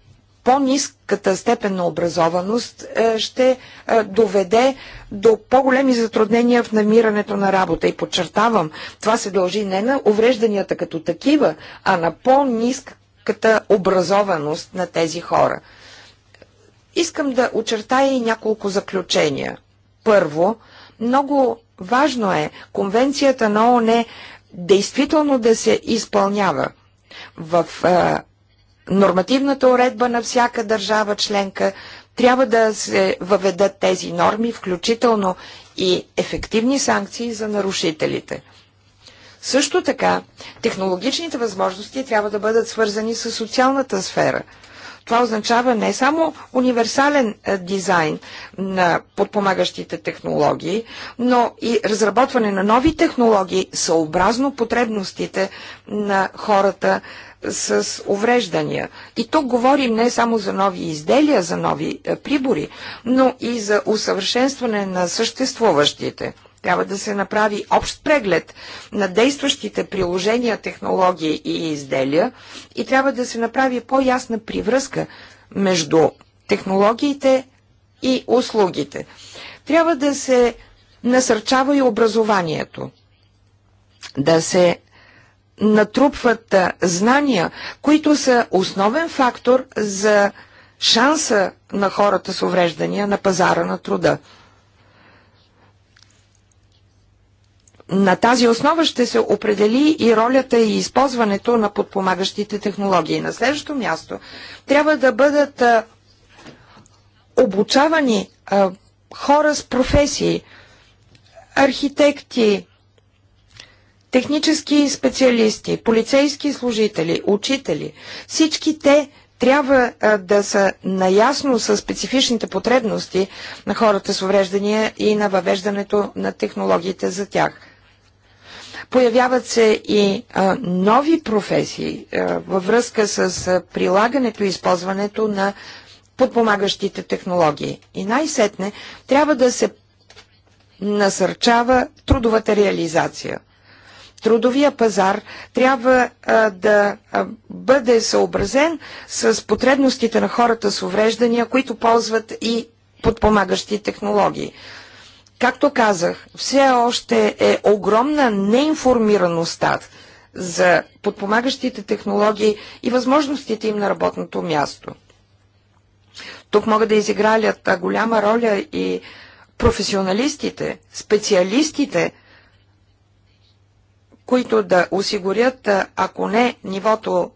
по-низката степен на образованост е, ще е, доведе до по-големи затруднения в намирането на работа. И подчертавам, това се дължи не на уврежданията като такива, а на по-низката образованост на тези хора. Искам да очертая и няколко заключения. Първо, много важно е конвенцията на ООН действително да се изпълнява. В е, нормативната уредба на всяка държава членка, трябва да се въведат тези норми, включително и ефективни санкции за нарушителите. Също така, технологичните възможности трябва да бъдат свързани с социалната сфера. Това означава не само универсален е, дизайн на подпомагащите технологии, но и разработване на нови технологии съобразно потребностите на хората с увреждания. И тук говорим не само за нови изделия, за нови е, прибори, но и за усъвършенстване на съществуващите. Трябва да се направи общ преглед на действащите приложения, технологии и изделия и трябва да се направи по-ясна привръзка между технологиите и услугите. Трябва да се насърчава и образованието, да се натрупват знания, които са основен фактор за шанса на хората с увреждания на пазара на труда. На тази основа ще се определи и ролята и използването на подпомагащите технологии. На следващото място трябва да бъдат обучавани хора с професии, архитекти, технически специалисти, полицейски служители, учители, всички те трябва а, да са наясно с специфичните потребности на хората с увреждания и на въвеждането на технологиите за тях. Появяват се и а, нови професии а, във връзка с а, прилагането и използването на подпомагащите технологии. И най-сетне трябва да се насърчава трудовата реализация – трудовия пазар трябва а, да а, бъде съобразен с потребностите на хората с увреждания, които ползват и подпомагащи технологии. Както казах, все още е огромна неинформираността за подпомагащите технологии и възможностите им на работното място. Тук могат да изигралят голяма роля и професионалистите, специалистите – които да осигурят, ако не нивото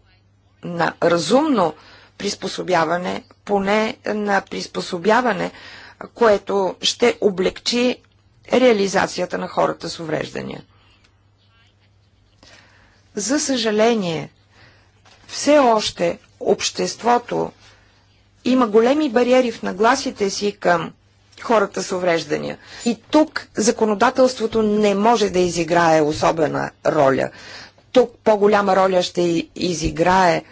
на разумно приспособяване, поне на приспособяване, което ще облегчи реализацията на хората с увреждания. За съжаление, все още обществото има големи бариери в нагласите си към хората с увреждания. И тук законодателството не може да изиграе особена роля. Тук по-голяма роля ще изиграе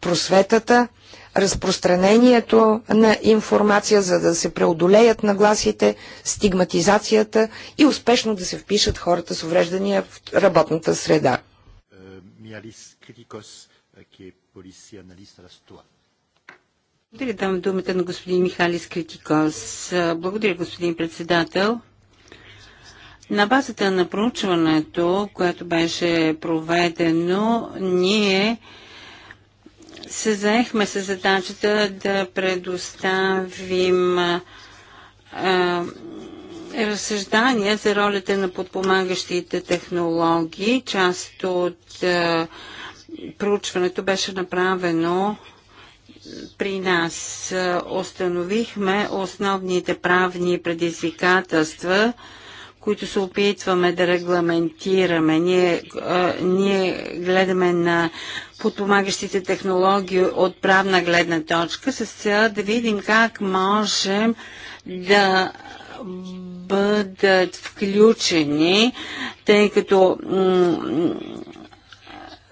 просветата, разпространението на информация, за да се преодолеят нагласите, стигматизацията и успешно да се впишат хората с увреждания в работната среда. Миалис Критикос, е полиция на благодаря, дам думата на господин Михалис Критикос. Благодаря, господин председател. На базата на проучването, което беше проведено, ние се заехме с задачата да предоставим а, разсъждания за ролята на подпомагащите технологии. Част от а, проучването беше направено при нас. Установихме основните правни предизвикателства, които се опитваме да регламентираме. Ние, а, ние гледаме на подпомагащите технологии от правна гледна точка с цел да видим как можем да бъдат включени, тъй като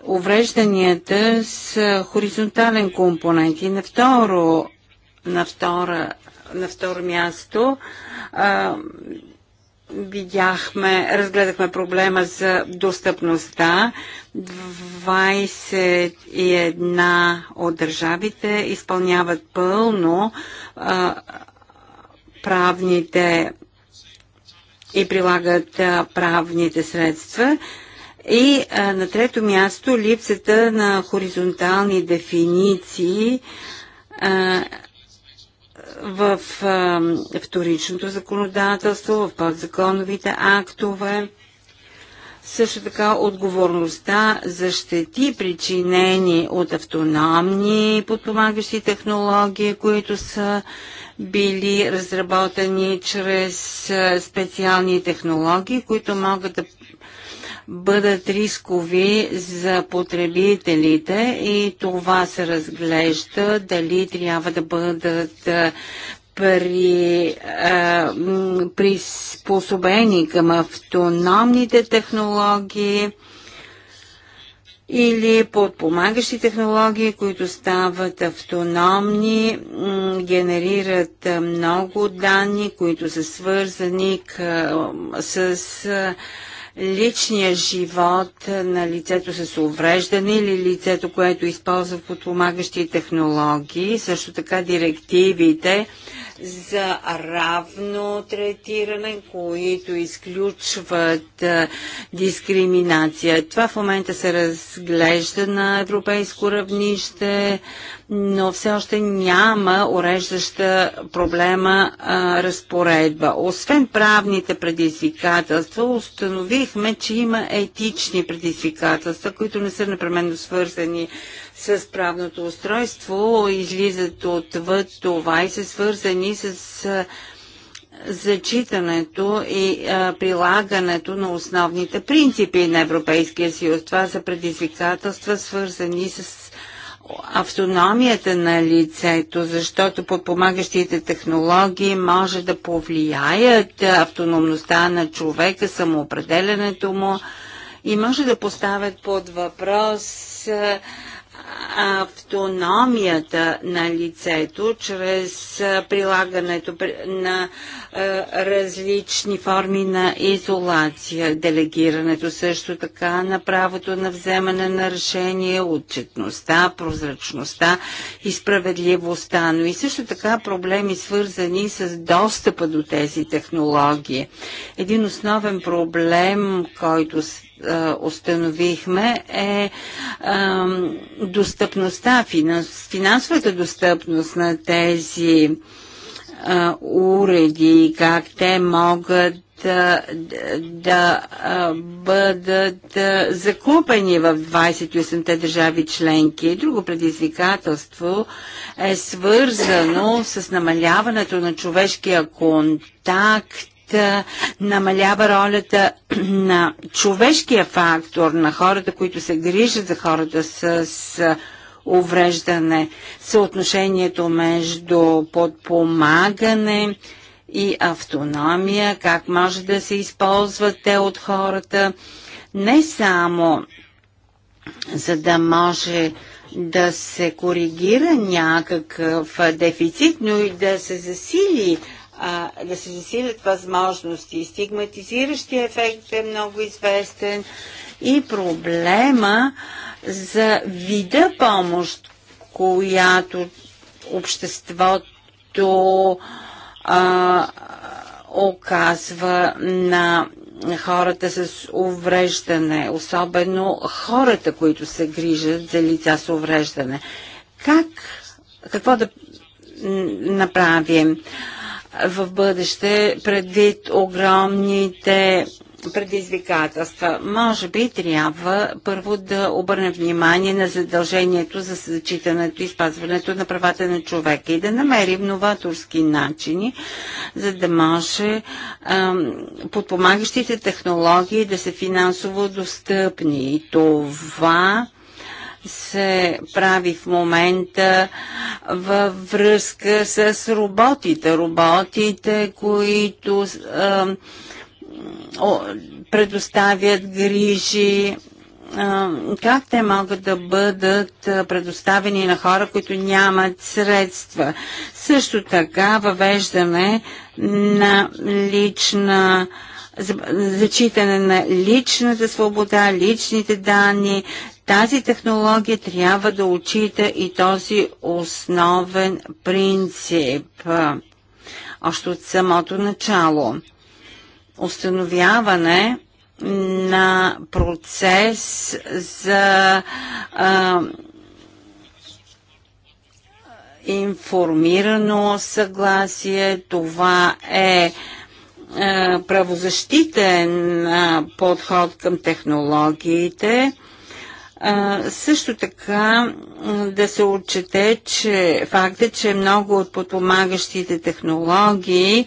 уврежданията с хоризонтален компонент. И на второ, на втора, на второ място а, видяхме, разгледахме проблема за достъпността. 21 от държавите изпълняват пълно а, правните и прилагат а, правните средства. И а, на трето място липсата на хоризонтални дефиниции а, в а, вторичното законодателство, в подзаконовите актове. Също така отговорността за щети, причинени от автономни подпомагащи технологии, които са били разработени чрез специални технологии, които могат да бъдат рискови за потребителите и това се разглежда дали трябва да бъдат при, а, приспособени към автономните технологии или подпомагащи технологии, които стават автономни, генерират много данни, които са свързани к, с личния живот на лицето с увреждане или лицето, което използва подпомагащи технологии, също така директивите за равно третиране, които изключват дискриминация. Това в момента се разглежда на европейско равнище, но все още няма уреждаща проблема а, разпоредба. Освен правните предизвикателства, установи установихме, че има етични предизвикателства, които не са непременно свързани с правното устройство, излизат отвъд това и са свързани с зачитането и а, прилагането на основните принципи на Европейския съюз. Това са предизвикателства, свързани с автономията на лицето, защото подпомагащите технологии може да повлияят автономността на човека, самоопределенето му и може да поставят под въпрос автономията на лицето чрез прилагането на различни форми на изолация, делегирането също така на правото на вземане на решение, отчетността, прозрачността и справедливостта, но и също така проблеми свързани с достъпа до тези технологии. Един основен проблем, който установихме е достъпността, финансовата достъпност на тези уреди как те могат да, да бъдат закупени в 28-те държави членки. Друго предизвикателство е свързано с намаляването на човешкия контакт намалява ролята на човешкия фактор, на хората, които се грижат за хората с, с увреждане, съотношението между подпомагане и автономия, как може да се използват те от хората, не само за да може да се коригира някакъв дефицит, но и да се засили а, да се засилят възможности. Стигматизиращия ефект е много известен и проблема за вида помощ, която обществото а, оказва на хората с увреждане, особено хората, които се грижат за лица с увреждане. Как, какво да направим? в бъдеще предвид огромните предизвикателства. Може би трябва първо да обърнем внимание на задължението за зачитането и спазването на правата на човека и да намерим новаторски начини, за да може ам, подпомагащите технологии да са финансово достъпни. И това се прави в момента във връзка с роботите. Роботите, които а, предоставят грижи как те могат да бъдат предоставени на хора, които нямат средства. Също така въвеждаме на лична зачитане на личната свобода, личните данни, тази технология трябва да учита и този основен принцип още от самото начало. Установяване на процес за а, информирано съгласие. Това е правозащитен подход към технологиите също така да се отчете, че факта, че много от подпомагащите технологии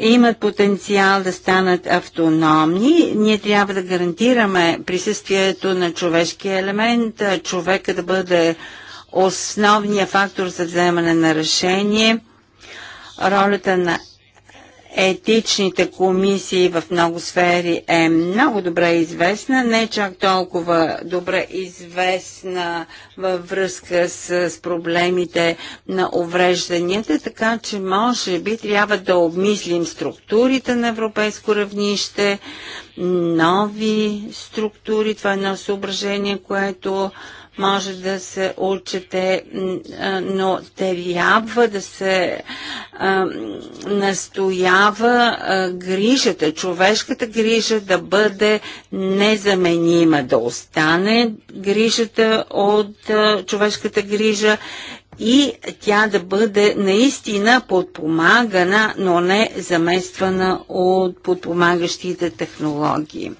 имат потенциал да станат автономни, ние трябва да гарантираме присъствието на човешкия елемент, човека да бъде основният фактор за вземане на решение, ролята на етичните комисии в много сфери е много добре известна, не чак толкова добре известна във връзка с, с проблемите на уврежданията, така че може би трябва да обмислим структурите на европейско равнище, нови структури. Това е едно съображение, което може да се учите, но трябва да се а, настоява а, грижата, човешката грижа да бъде незаменима, да остане грижата от а, човешката грижа и тя да бъде наистина подпомагана, но не замествана от подпомагащите технологии.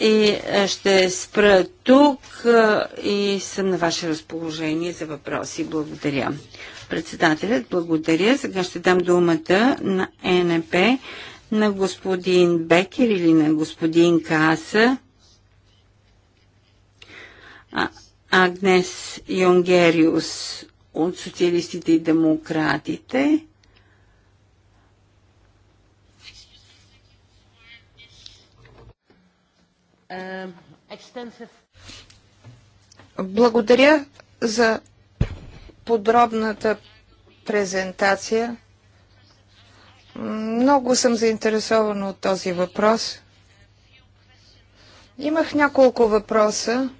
И е, ще спра тук е, и съм на ваше разположение за въпроси. Благодаря. Председателят, благодаря. Сега ще дам думата на ЕНП, на господин Бекер или на господин Каса. Агнес Йонгериус от социалистите и демократите. Благодаря за подробната презентация. Много съм заинтересована от този въпрос. Имах няколко въпроса.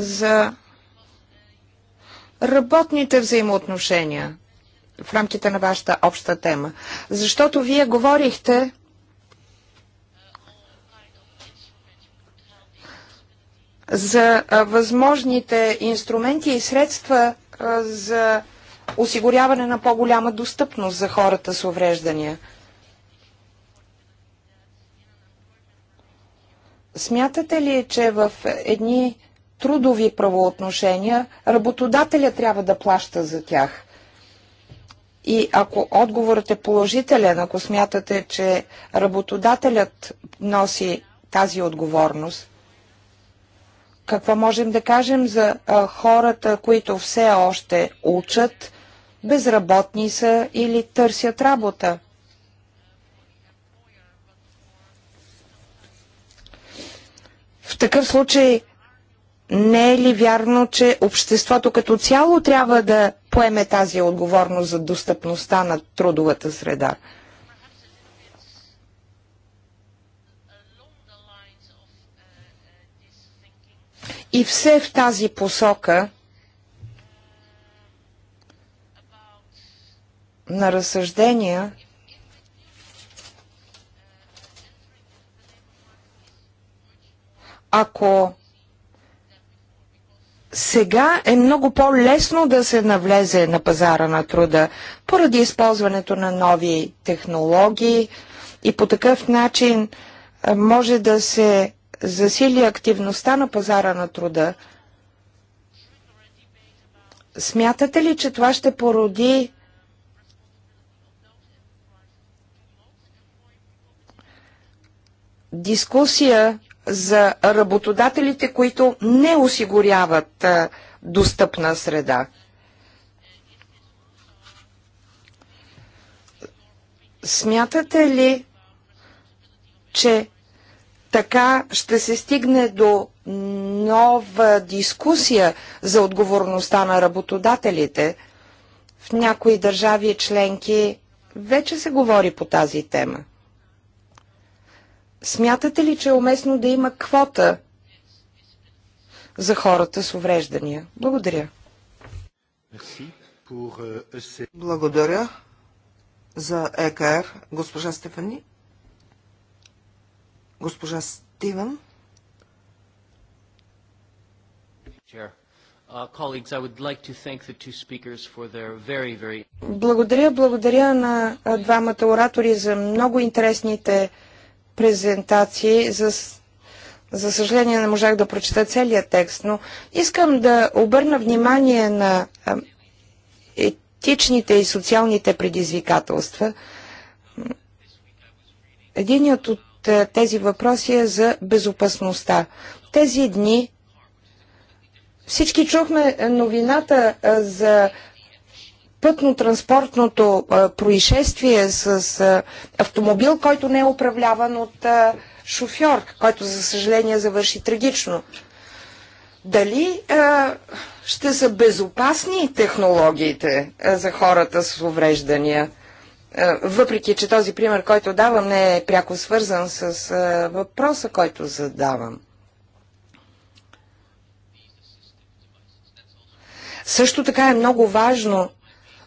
за работните взаимоотношения в рамките на вашата обща тема. Защото вие говорихте за възможните инструменти и средства за осигуряване на по-голяма достъпност за хората с увреждания. Смятате ли, че в едни трудови правоотношения работодателя трябва да плаща за тях? И ако отговорът е положителен, ако смятате, че работодателят носи тази отговорност, какво можем да кажем за а, хората, които все още учат, безработни са или търсят работа? В такъв случай не е ли вярно, че обществото като цяло трябва да поеме тази отговорност за достъпността на трудовата среда? И все в тази посока на разсъждения ако сега е много по-лесно да се навлезе на пазара на труда поради използването на нови технологии и по такъв начин може да се засили активността на пазара на труда. Смятате ли, че това ще породи дискусия за работодателите, които не осигуряват достъпна среда. Смятате ли, че така ще се стигне до нова дискусия за отговорността на работодателите? В някои държави членки вече се говори по тази тема. Смятате ли, че е уместно да има квота за хората с увреждания? Благодаря. Euh, благодаря за ЕКР. Госпожа Стефани? Госпожа Стивен? Uh, благодаря, благодаря на двамата оратори за много интересните презентации. За, за съжаление не можах да прочета целият текст, но искам да обърна внимание на етичните и социалните предизвикателства. Единият от тези въпроси е за безопасността. Тези дни всички чухме новината за пътно-транспортното происшествие с автомобил, който не е управляван от шофьор, който за съжаление завърши трагично. Дали ще са безопасни технологиите за хората с увреждания? Въпреки, че този пример, който давам, не е пряко свързан с въпроса, който задавам. Също така е много важно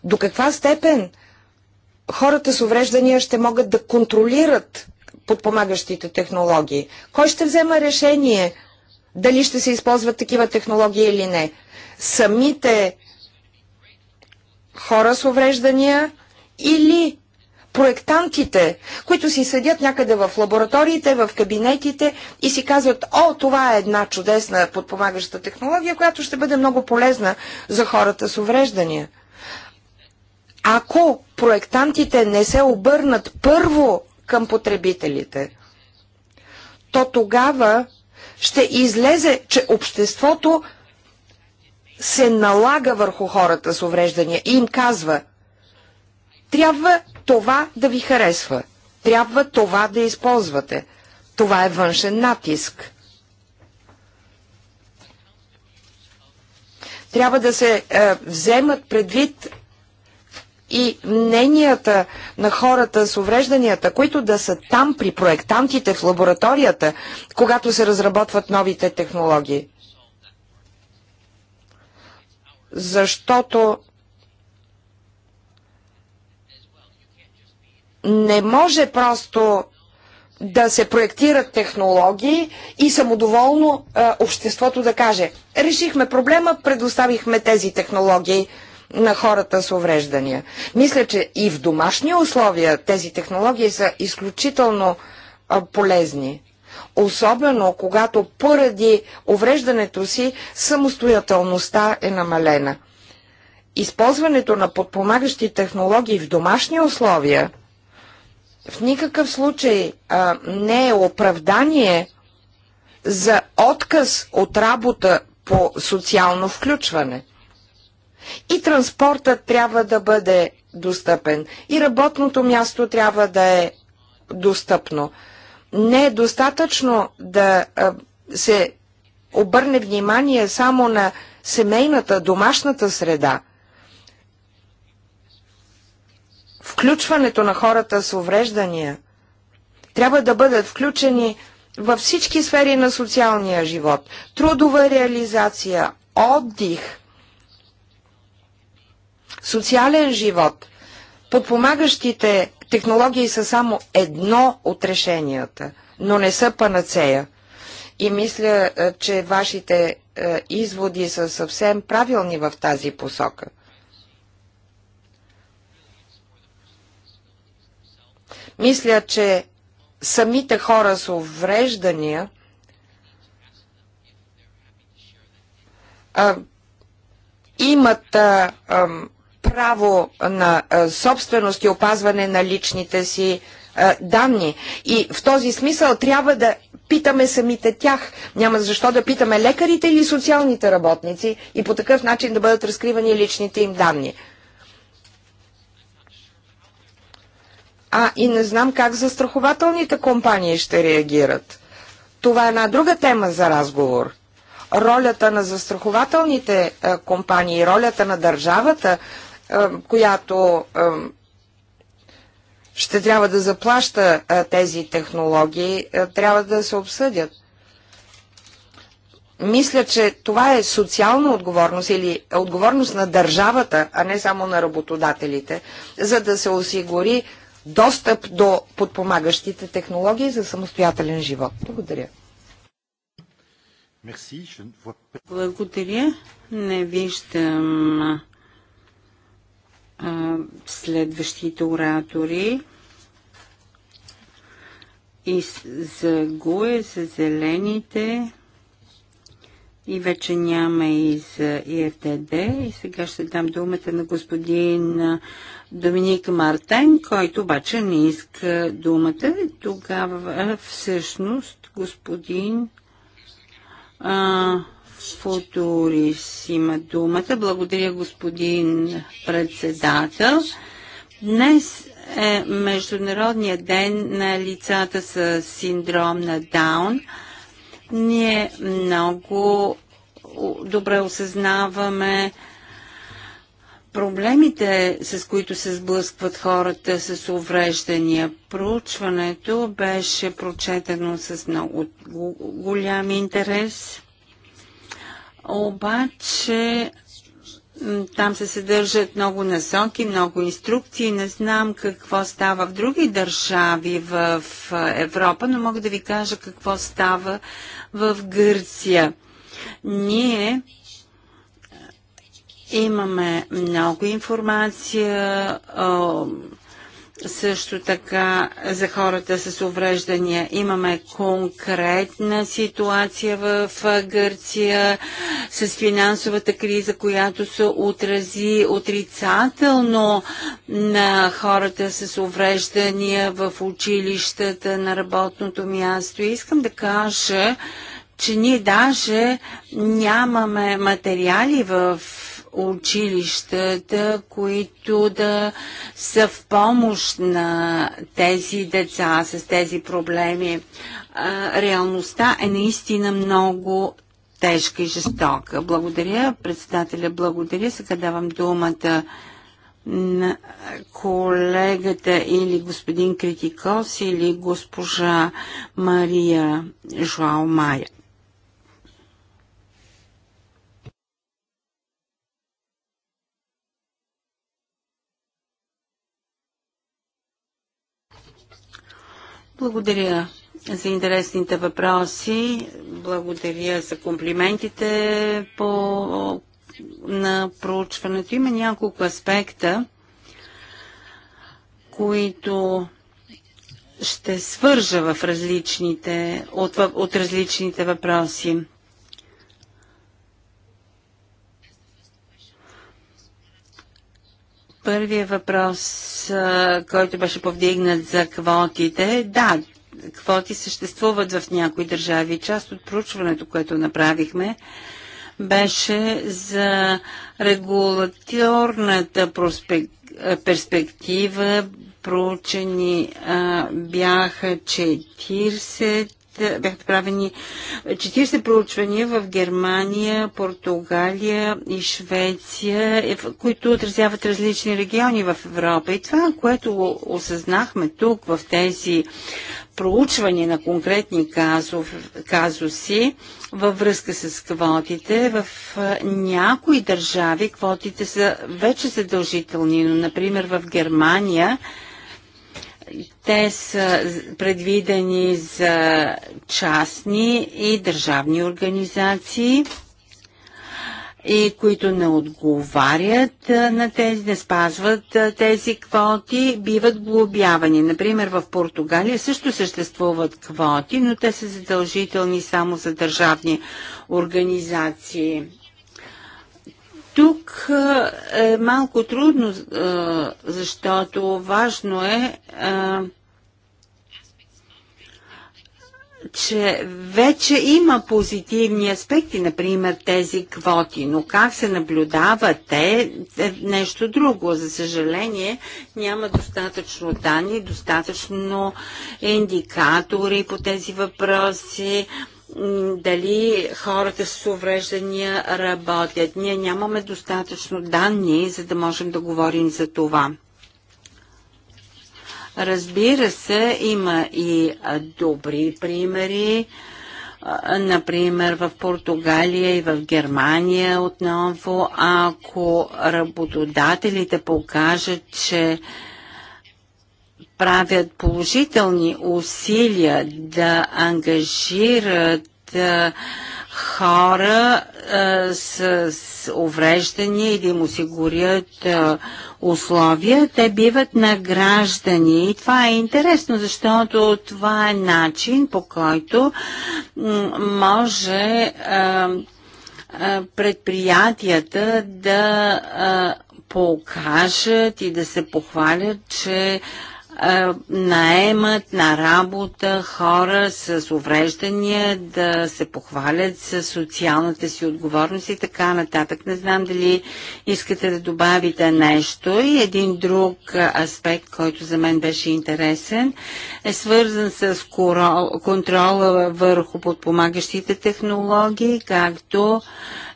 до каква степен хората с увреждания ще могат да контролират подпомагащите технологии? Кой ще взема решение дали ще се използват такива технологии или не? Самите хора с увреждания или проектантите, които си седят някъде в лабораториите, в кабинетите и си казват, о, това е една чудесна подпомагаща технология, която ще бъде много полезна за хората с увреждания ако проектантите не се обърнат първо към потребителите, то тогава ще излезе, че обществото се налага върху хората с увреждания и им казва трябва това да ви харесва, трябва това да използвате. Това е външен натиск. Трябва да се е, вземат предвид и мненията на хората с уврежданията, които да са там при проектантите в лабораторията, когато се разработват новите технологии. Защото не може просто да се проектират технологии и самодоволно а, обществото да каже решихме проблема, предоставихме тези технологии – на хората с увреждания. Мисля, че и в домашни условия тези технологии са изключително а, полезни. Особено когато поради увреждането си самостоятелността е намалена. Използването на подпомагащи технологии в домашни условия в никакъв случай а, не е оправдание за отказ от работа по социално включване. И транспортът трябва да бъде достъпен. И работното място трябва да е достъпно. Не е достатъчно да се обърне внимание само на семейната, домашната среда. Включването на хората с увреждания трябва да бъдат включени във всички сфери на социалния живот. Трудова реализация, отдих – социален живот. Подпомагащите технологии са само едно от решенията, но не са панацея. И мисля, е, че вашите е, изводи са съвсем правилни в тази посока. Мисля, че самите хора с увреждания а, имат а, а, право на собственост и опазване на личните си данни. И в този смисъл трябва да питаме самите тях. Няма защо да питаме лекарите или социалните работници и по такъв начин да бъдат разкривани личните им данни. А и не знам как застрахователните компании ще реагират. Това е една друга тема за разговор. Ролята на застрахователните компании, ролята на държавата която ще трябва да заплаща тези технологии, трябва да се обсъдят. Мисля, че това е социална отговорност или отговорност на държавата, а не само на работодателите, за да се осигури достъп до подпомагащите технологии за самостоятелен живот. Благодаря. Благодаря. Не виждам следващите оратори. И за ГУЕ, за зелените и вече няма и за ИФДД. И сега ще дам думата на господин Доминик Мартен, който обаче не иска думата. Тогава всъщност господин а, Футурис има думата. Благодаря, господин председател. Днес е Международния ден на лицата с синдром на Даун. Ние много добре осъзнаваме проблемите, с които се сблъскват хората с увреждания. Проучването беше прочетено с много голям интерес обаче там се съдържат много насоки, много инструкции. Не знам какво става в други държави в Европа, но мога да ви кажа какво става в Гърция. Ние е, имаме много информация също така за хората с увреждания. Имаме конкретна ситуация в Гърция с финансовата криза, която се отрази отрицателно на хората с увреждания в училищата, на работното място. И искам да кажа, че ние даже нямаме материали в училищата, които да са в помощ на тези деца с тези проблеми. реалността е наистина много тежка и жестока. Благодаря, председателя, благодаря. Сега давам думата на колегата или господин Критикос или госпожа Мария Жуал Майя. Благодаря за интересните въпроси. Благодаря за комплиментите по, на проучването. Има няколко аспекта, които ще свържа в различните, от, от различните въпроси. Първия въпрос, който беше повдигнат за квотите, да, квоти съществуват в някои държави. Част от проучването, което направихме, беше за регулаторната перспектива. Проучени бяха 40 бяха правени 40 проучвания в Германия, Португалия и Швеция, е, които отразяват различни региони в Европа. И това, което осъзнахме тук в тези проучвания на конкретни казов, казуси във връзка с квотите, в някои държави квотите са вече задължителни, но например в Германия – те са предвидени за частни и държавни организации и които не отговарят на тези, не спазват тези квоти, биват глобявани. Например, в Португалия също съществуват квоти, но те са задължителни само за държавни организации. Тук е малко трудно, защото важно е, че вече има позитивни аспекти, например тези квоти, но как се наблюдават те е нещо друго. За съжаление няма достатъчно данни, достатъчно индикатори по тези въпроси дали хората с увреждания работят. Ние нямаме достатъчно данни, за да можем да говорим за това. Разбира се, има и добри примери. Например, в Португалия и в Германия отново, ако работодателите покажат, че правят положителни усилия да ангажират хора а, с, с увреждания и да им осигурят а, условия, те биват награждани. И това е интересно, защото това е начин по който може а, предприятията да покажат и да се похвалят, че наемат на работа хора с увреждания, да се похвалят с социалната си отговорност и така нататък. Не знам дали искате да добавите нещо. И един друг аспект, който за мен беше интересен, е свързан с контрола върху подпомагащите технологии, както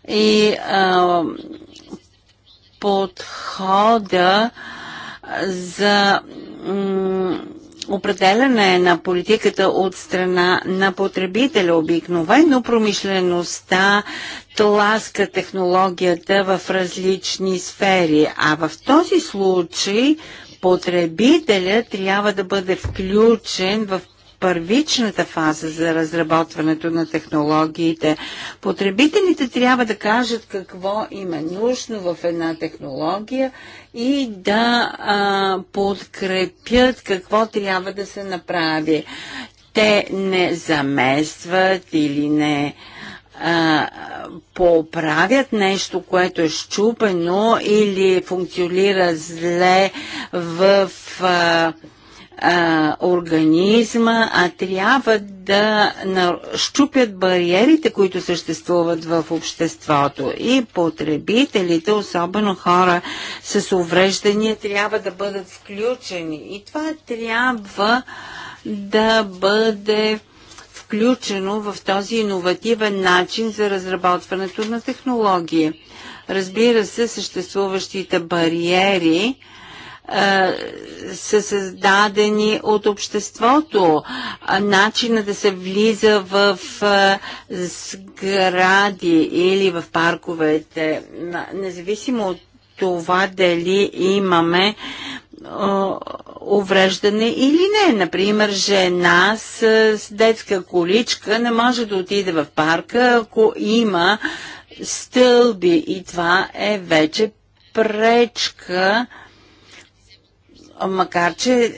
и а, подхода за определене на политиката от страна на потребителя. Обикновено промишлеността тласка технологията в различни сфери, а в този случай потребителя трябва да бъде включен в първичната фаза за разработването на технологиите. Потребителите трябва да кажат какво им е нужно в една технология и да а, подкрепят какво трябва да се направи. Те не заместват или не а, поправят нещо, което е щупено или функционира зле в а, а, организма, а трябва да щупят бариерите, които съществуват в обществото. И потребителите, особено хора с увреждания, трябва да бъдат включени. И това трябва да бъде включено в този иновативен начин за разработването на технологии. Разбира се, съществуващите бариери, са създадени от обществото. Начина да се влиза в сгради или в парковете, независимо от това дали имаме увреждане или не. Например, жена с, с детска количка не може да отиде в парка, ако има стълби и това е вече пречка макар че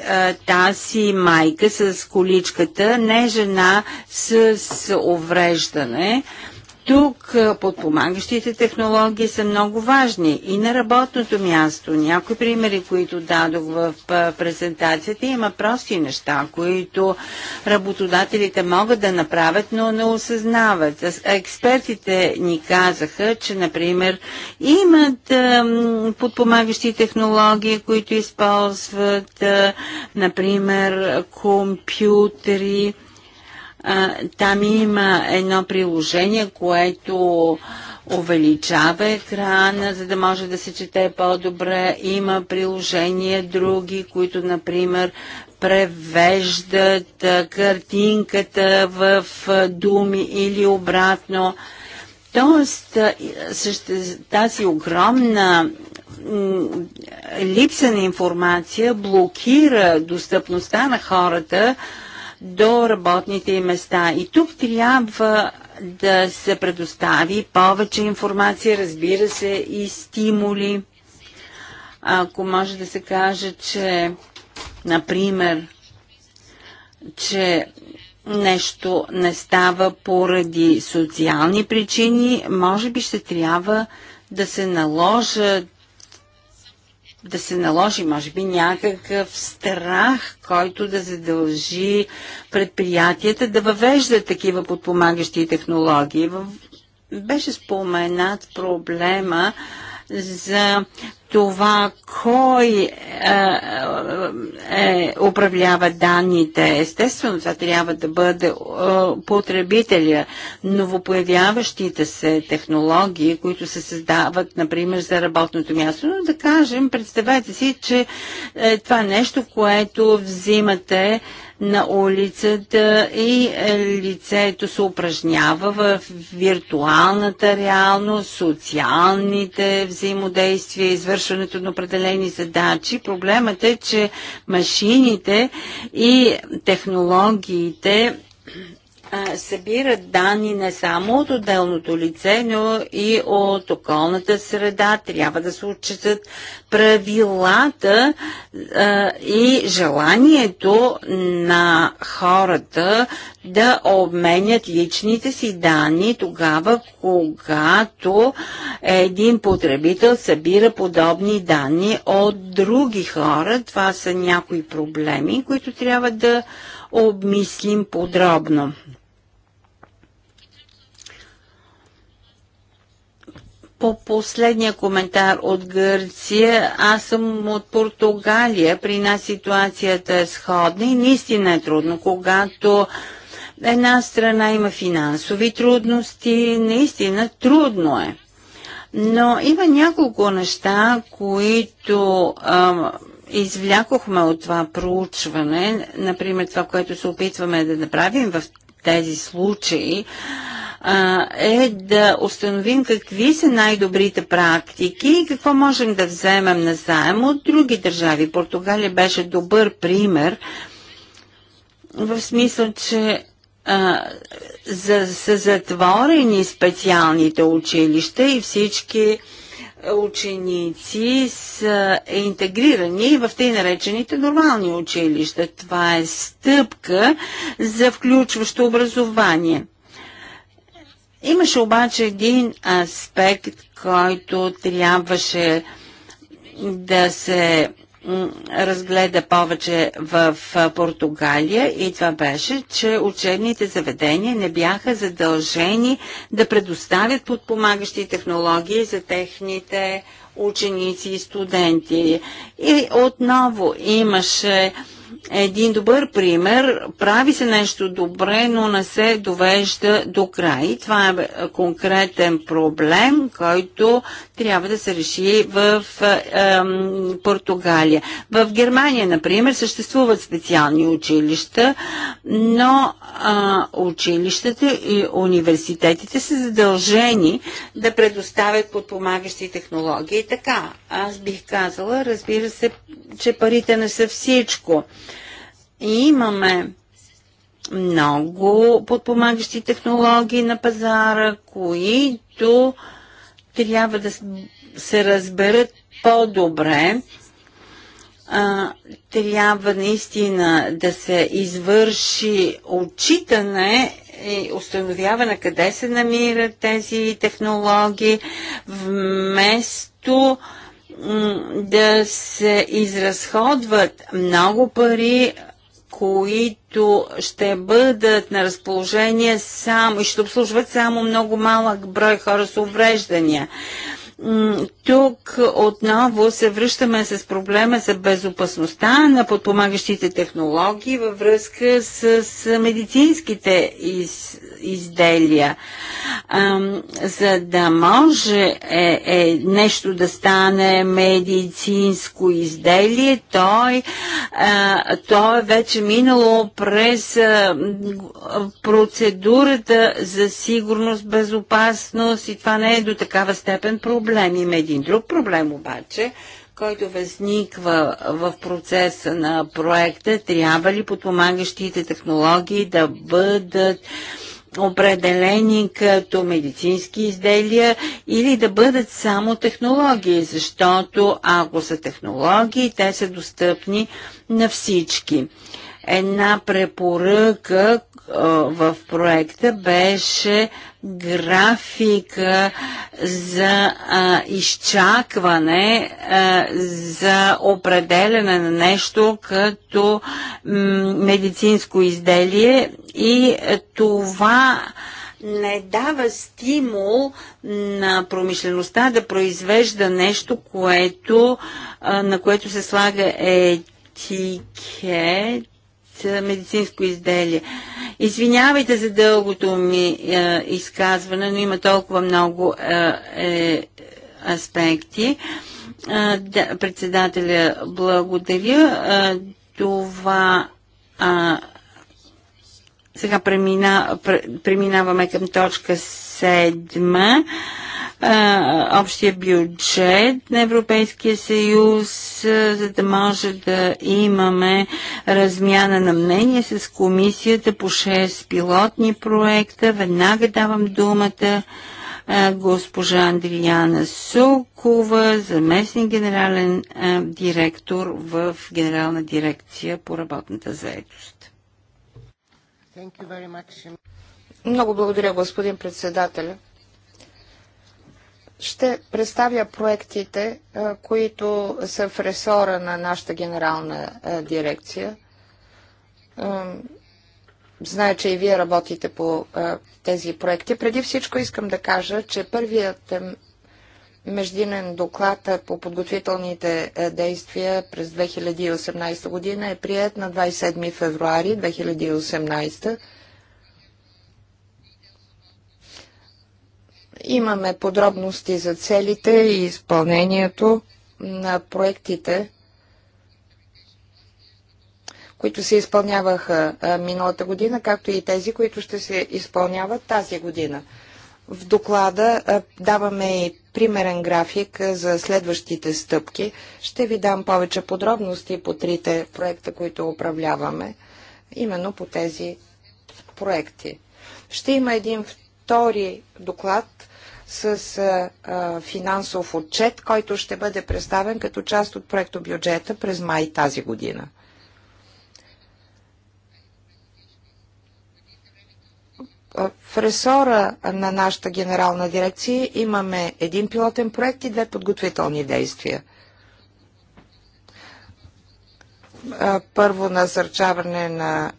тази майка с количката не е жена с увреждане, тук подпомагащите технологии са много важни и на работното място. Някои примери, които дадох в презентацията, има прости неща, които работодателите могат да направят, но не осъзнават. Експертите ни казаха, че, например, имат подпомагащи технологии, които използват, например, компютри, там има едно приложение, което увеличава екрана, за да може да се чете по-добре. Има приложения други, които, например, превеждат картинката в думи или обратно. Тоест, тази огромна липса на информация блокира достъпността на хората до работните им места. И тук трябва да се предостави повече информация, разбира се, и стимули. Ако може да се каже, че, например, че нещо не става поради социални причини, може би ще трябва да се наложат да се наложи, може би, някакъв страх, който да задължи предприятията да въвеждат такива подпомагащи технологии. Беше споменат проблема за това кой е, е, управлява данните. Естествено, това трябва да бъде е, потребителя. Новопоявяващите се технологии, които се създават, например, за работното място. Но да кажем, представете си, че е, това е нещо, което взимате е, на улицата и лицето се упражнява в виртуалната реалност, социалните взаимодействия, извършването на определени задачи. Проблемът е, че машините и технологиите събират данни не само от отделното лице, но и от околната среда. Трябва да се отчитат правилата а, и желанието на хората да обменят личните си данни тогава, когато един потребител събира подобни данни от други хора. Това са някои проблеми, които трябва да обмислим подробно. По последния коментар от Гърция, аз съм от Португалия, при нас ситуацията е сходна и наистина е трудно, когато една страна има финансови трудности, наистина трудно е. Но има няколко неща, които а, извлякохме от това проучване, например това, което се опитваме да направим в тези случаи а, е да установим какви са най-добрите практики и какво можем да вземем назаем от други държави. Португалия беше добър пример в смисъл, че а, за, са затворени специалните училища и всички ученици са интегрирани в тъй наречените нормални училища. Това е стъпка за включващо образование. Имаше обаче един аспект, който трябваше да се разгледа повече в Португалия и това беше, че учебните заведения не бяха задължени да предоставят подпомагащи технологии за техните ученици и студенти. И отново имаше един добър пример. Прави се нещо добре, но не се довежда до край. Това е конкретен проблем, който трябва да се реши в а, Португалия. В Германия, например, съществуват специални училища, но а, училищата и университетите са задължени да предоставят подпомагащи технологии. така, аз бих казала, разбира се, че парите не са всичко. И имаме много подпомагащи технологии на пазара, които трябва да се разберат по-добре. трябва наистина да се извърши отчитане и установяване къде се намират тези технологии, вместо да се изразходват много пари които ще бъдат на разположение само и ще обслужват само много малък брой хора с увреждания тук отново се връщаме с проблема за безопасността на подпомагащите технологии във връзка с, медицинските из, изделия. Ам, за да може е, е, нещо да стане медицинско изделие, той, а, той е вече минало през а, процедурата за сигурност, безопасност и това не е до такава степен проблем. и един един друг проблем обаче, който възниква в процеса на проекта, трябва ли подпомагащите технологии да бъдат определени като медицински изделия или да бъдат само технологии, защото ако са технологии, те са достъпни на всички. Една препоръка, в проекта беше графика за а, изчакване а, за определене на нещо като медицинско изделие и това не дава стимул на промишлеността да произвежда нещо, което, а, на което се слага етикет медицинско изделие. Извинявайте за дългото ми е, изказване, но има толкова много е, е, аспекти. Е, да, председателя, благодаря. Е, това. Е, сега премина, преминаваме към точка 7 общия бюджет на Европейския съюз, за да може да имаме размяна на мнение с комисията по 6 пилотни проекта. Веднага давам думата госпожа Андриана Сокова, заместник генерален директор в Генерална дирекция по работната заедост. Много благодаря, господин председателя ще представя проектите, е, които са в ресора на нашата генерална е, дирекция. Е, знае, че и вие работите по тези проекти. Преди всичко искам да кажа, че първият междинен доклад по подготвителните действия през 2018 година е прият на 27 февруари 2018 година Имаме подробности за целите и изпълнението на проектите, които се изпълняваха миналата година, както и тези, които ще се изпълняват тази година. В доклада даваме и примерен график за следващите стъпки. Ще ви дам повече подробности по трите проекта, които управляваме, именно по тези проекти. Ще има един втори доклад с финансов отчет, който ще бъде представен като част от проекто бюджета през май тази година. В ресора на нашата генерална дирекция имаме един пилотен проект и две подготвителни действия – първо насърчаване на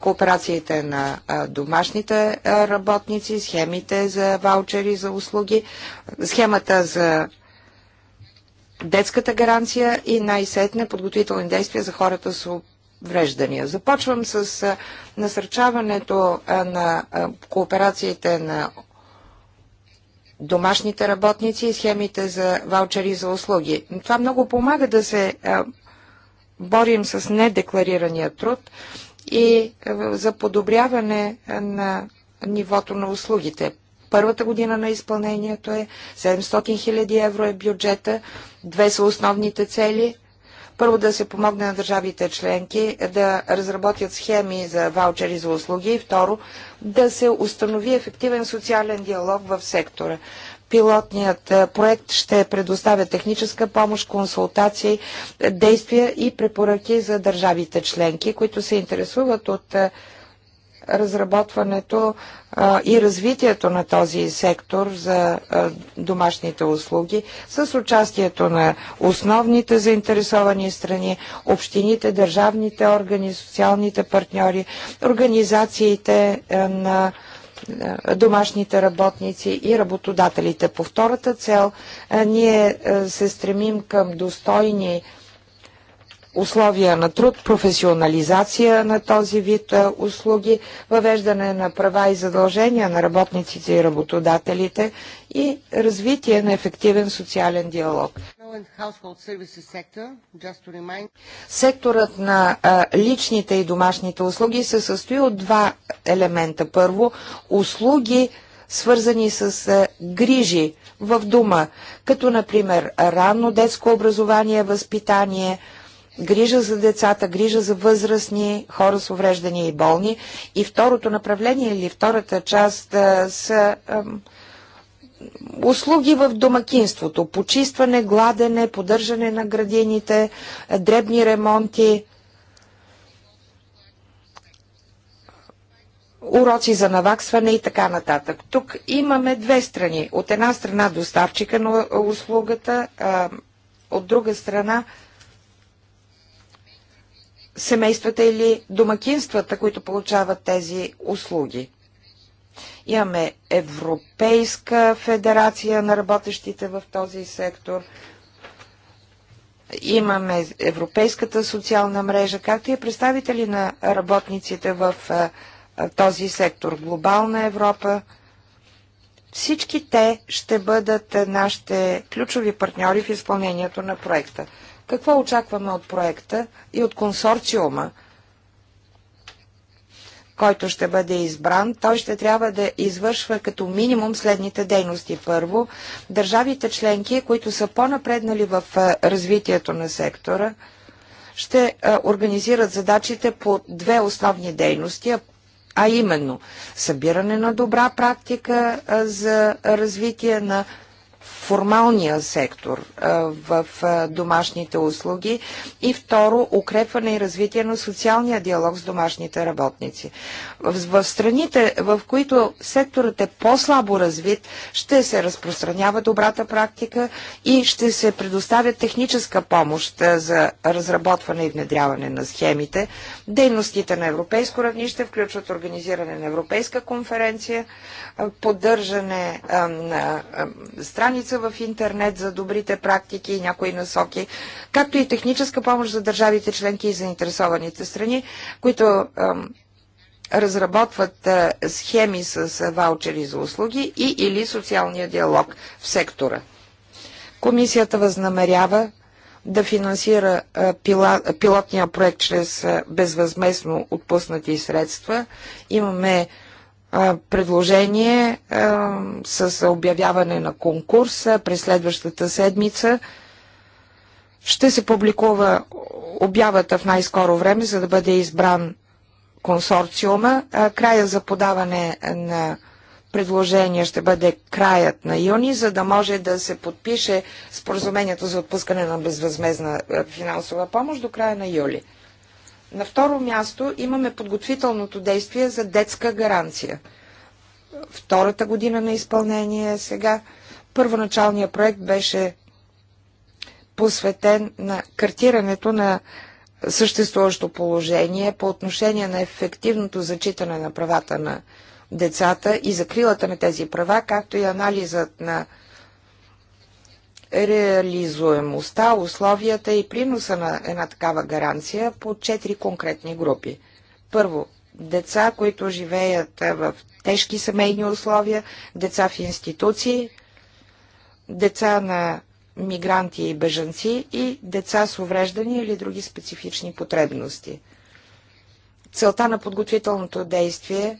кооперациите на домашните работници, схемите за ваучери за услуги, схемата за детската гаранция и най-сетне подготвителни действия за хората с увреждания. Започвам с насърчаването на кооперациите на домашните работници и схемите за ваучери за услуги. Това много помага да се борим с недекларирания труд и е, за подобряване е, на нивото на услугите. Първата година на изпълнението е 700 000 евро е бюджета, две са основните цели. Първо да се помогне на държавите членки да разработят схеми за ваучери за услуги и второ да се установи ефективен социален диалог в сектора. Пилотният проект ще предоставя техническа помощ, консултации, действия и препоръки за държавите членки, които се интересуват от разработването и развитието на този сектор за домашните услуги с участието на основните заинтересовани страни, общините, държавните органи, социалните партньори, организациите на е, домашните работници и работодателите. По втората цел е, ние е, се стремим към достойни условия на труд, професионализация на този вид услуги, въвеждане на права и задължения на работниците и работодателите и развитие на ефективен социален диалог. Секторът на личните и домашните услуги се състои от два елемента. Първо, услуги, свързани с грижи в дума, като например ранно детско образование, възпитание, грижа за децата, грижа за възрастни, хора с увреждания и болни. И второто направление или втората част са услуги в домакинството, почистване, гладене, поддържане на градините, дребни ремонти, уроци за наваксване и така нататък. Тук имаме две страни. От една страна доставчика на услугата, а, от друга страна семействата или домакинствата, които получават тези услуги. Имаме Европейска федерация на работещите в този сектор, имаме Европейската социална мрежа, както и представители на работниците в този сектор. Глобална Европа. Всички те ще бъдат нашите ключови партньори в изпълнението на проекта. Какво очакваме от проекта и от консорциума, който ще бъде избран, той ще трябва да извършва като минимум следните дейности. Първо, държавите членки, които са по-напреднали в развитието на сектора, ще организират задачите по две основни дейности, а именно събиране на добра практика за развитие на формалния сектор в домашните услуги и второ укрепване и развитие на социалния диалог с домашните работници. В страните, в които секторът е по-слабо развит, ще се разпространява добрата практика и ще се предоставя техническа помощ за разработване и внедряване на схемите. Дейностите на европейско равнище включват организиране на европейска конференция, поддържане на страница в интернет за добрите практики и някои насоки, както и техническа помощ за държавите членки и заинтересованите страни, които разработват схеми с ваучери за услуги и или социалния диалог в сектора. Комисията възнамерява да финансира пилотния проект чрез безвъзместно отпуснати средства. Имаме предложение с обявяване на конкурса през следващата седмица. Ще се публикува обявата в най-скоро време, за да бъде избран консорциума. Края за подаване на предложение ще бъде краят на юни, за да може да се подпише споразумението за отпускане на безвъзмезна финансова помощ до края на юли. На второ място имаме подготвителното действие за детска гаранция. Втората година на изпълнение е сега. Първоначалният проект беше посветен на картирането на съществуващо положение по отношение на ефективното зачитане на правата на децата и закрилата на тези права, както и анализът на реализуемостта, условията и приноса на една такава гаранция по четири конкретни групи. Първо, деца, които живеят в тежки семейни условия, деца в институции, деца на мигранти и бежанци и деца с увреждани или други специфични потребности. Целта на подготвителното действие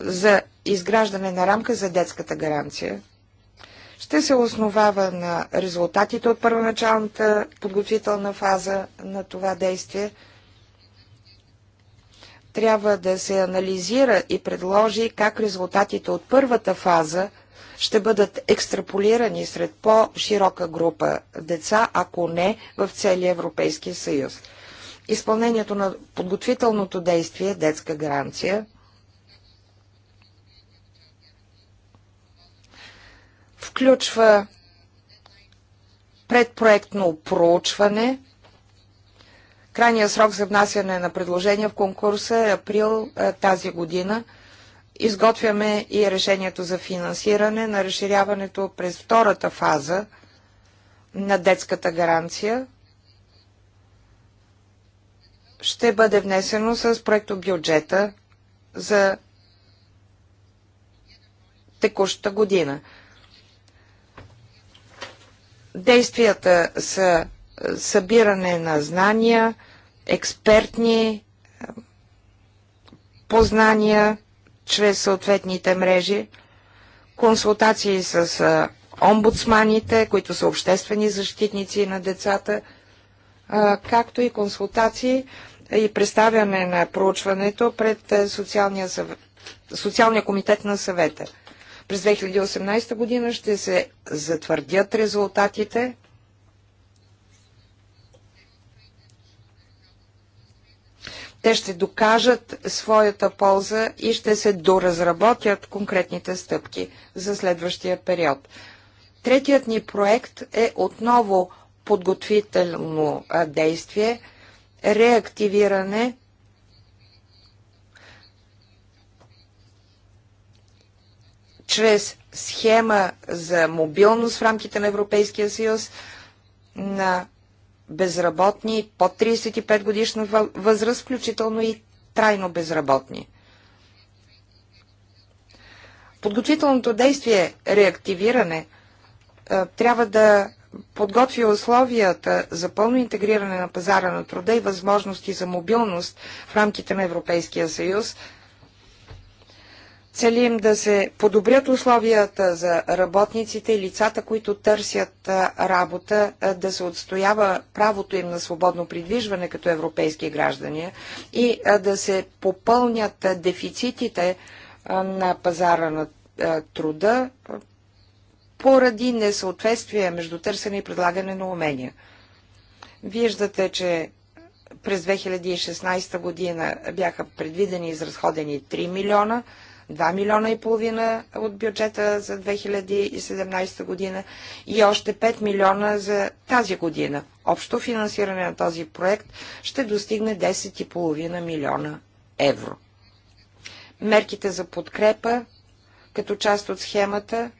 за изграждане на рамка за детската гаранция ще се основава на резултатите от първоначалната подготвителна фаза на това действие. Трябва да се анализира и предложи как резултатите от първата фаза ще бъдат екстраполирани сред по-широка група деца, ако не в целия Европейски съюз. Изпълнението на подготвителното действие детска гаранция – включва предпроектно проучване. Крайният срок за внасяне на предложения в конкурса е април е, тази година. Изготвяме и решението за финансиране на разширяването през втората фаза на детската гаранция. Ще бъде внесено с проекто бюджета за текущата година. Действията са е, събиране на знания, експертни е, познания чрез съответните мрежи, консултации с е, омбудсманите, които са обществени защитници на децата, както и консултации и представяне на проучването пред Социалния, съвет, Социалния комитет на съвета. През 2018 година ще се затвърдят резултатите. Те ще докажат своята полза и ще се доразработят конкретните стъпки за следващия период. Третият ни проект е отново подготвително действие, реактивиране чрез схема за мобилност в рамките на Европейския съюз на безработни под 35 годишна възраст, включително и трайно безработни. Подготвителното действие реактивиране е, трябва да подготви условията за пълно интегриране на пазара на труда и възможности за мобилност в рамките на Европейския съюз Целим да се подобрят условията за работниците и лицата, които търсят работа, да се отстоява правото им на свободно придвижване като европейски граждани и да се попълнят дефицитите на пазара на труда поради несъответствие между търсене и предлагане на умения. Виждате, че през 2016 година бяха предвидени и изразходени 3 милиона, 2 милиона и половина от бюджета за 2017 година и още 5 милиона за тази година. Общо финансиране на този проект ще достигне 10,5 милиона евро. Мерките за подкрепа като част от схемата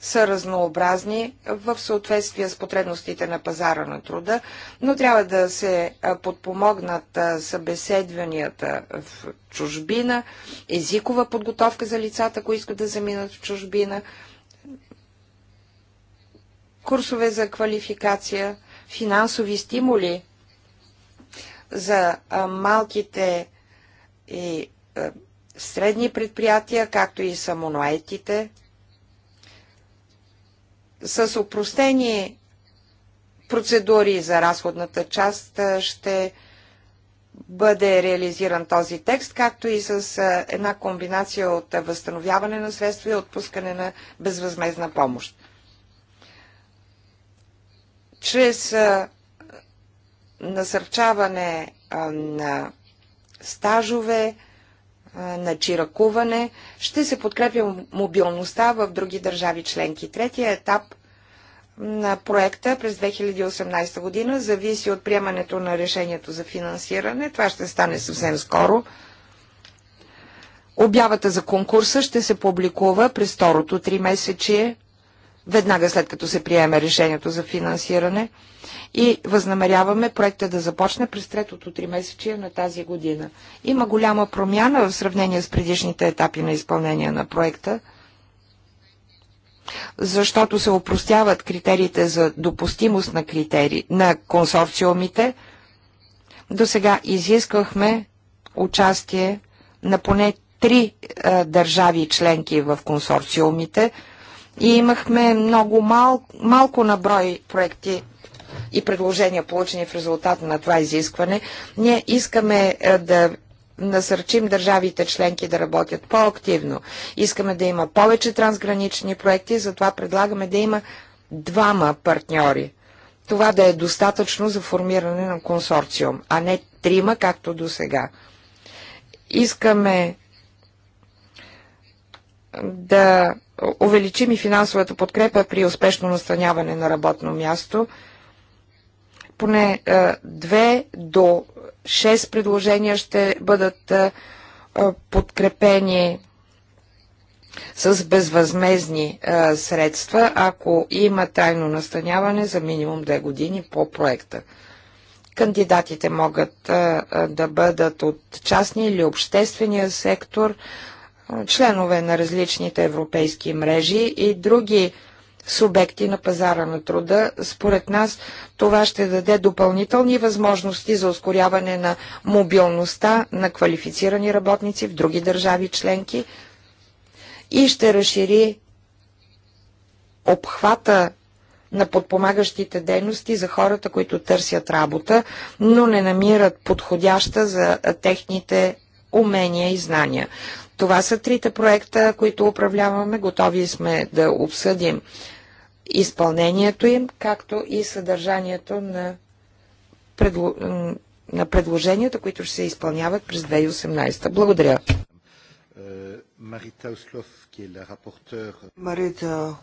са разнообразни в съответствие с потребностите на пазара на труда, но трябва да се подпомогнат събеседванията в чужбина, езикова подготовка за лицата, които искат да заминат в чужбина, курсове за квалификация, финансови стимули за малките и средни предприятия, както и самонаетите с опростени процедури за разходната част ще бъде реализиран този текст, както и с една комбинация от възстановяване на средства и отпускане на безвъзмезна помощ. Чрез насърчаване на стажове, на чиракуване. Ще се подкрепя мобилността в други държави членки. Третия етап на проекта през 2018 година зависи от приемането на решението за финансиране. Това ще стане съвсем скоро. Обявата за конкурса ще се публикува през второто три месечие веднага след като се приеме решението за финансиране и възнамеряваме проекта да започне през третото три месечия на тази година. Има голяма промяна в сравнение с предишните етапи на изпълнение на проекта, защото се опростяват критериите за допустимост на, критерии, на консорциумите. До сега изисквахме участие на поне три а, държави членки в консорциумите – и имахме много мал, малко наброй проекти и предложения, получени в резултат на това изискване. Ние искаме е, да насърчим държавите членки да работят по-активно. Искаме да има повече трансгранични проекти, затова предлагаме да има двама партньори. Това да е достатъчно за формиране на консорциум, а не трима, както до сега. Искаме да увеличим и финансовата подкрепа при успешно настаняване на работно място. Поне е, две до шест предложения ще бъдат е, е, подкрепени с безвъзмезни средства, ако има тайно настаняване за минимум две години по проекта. Кандидатите могат да бъдат от частния или обществения сектор, членове на различните европейски мрежи и други субекти на пазара на труда. Според нас това ще даде допълнителни възможности за ускоряване на мобилността на квалифицирани работници в други държави членки и ще разшири обхвата на подпомагащите дейности за хората, които търсят работа, но не намират подходяща за техните умения и знания. Това са трите проекта, които управляваме. Готови сме да обсъдим изпълнението им, както и съдържанието на, предло... на предложенията, които ще се изпълняват през 2018. Благодаря. Марита Услов, е Марита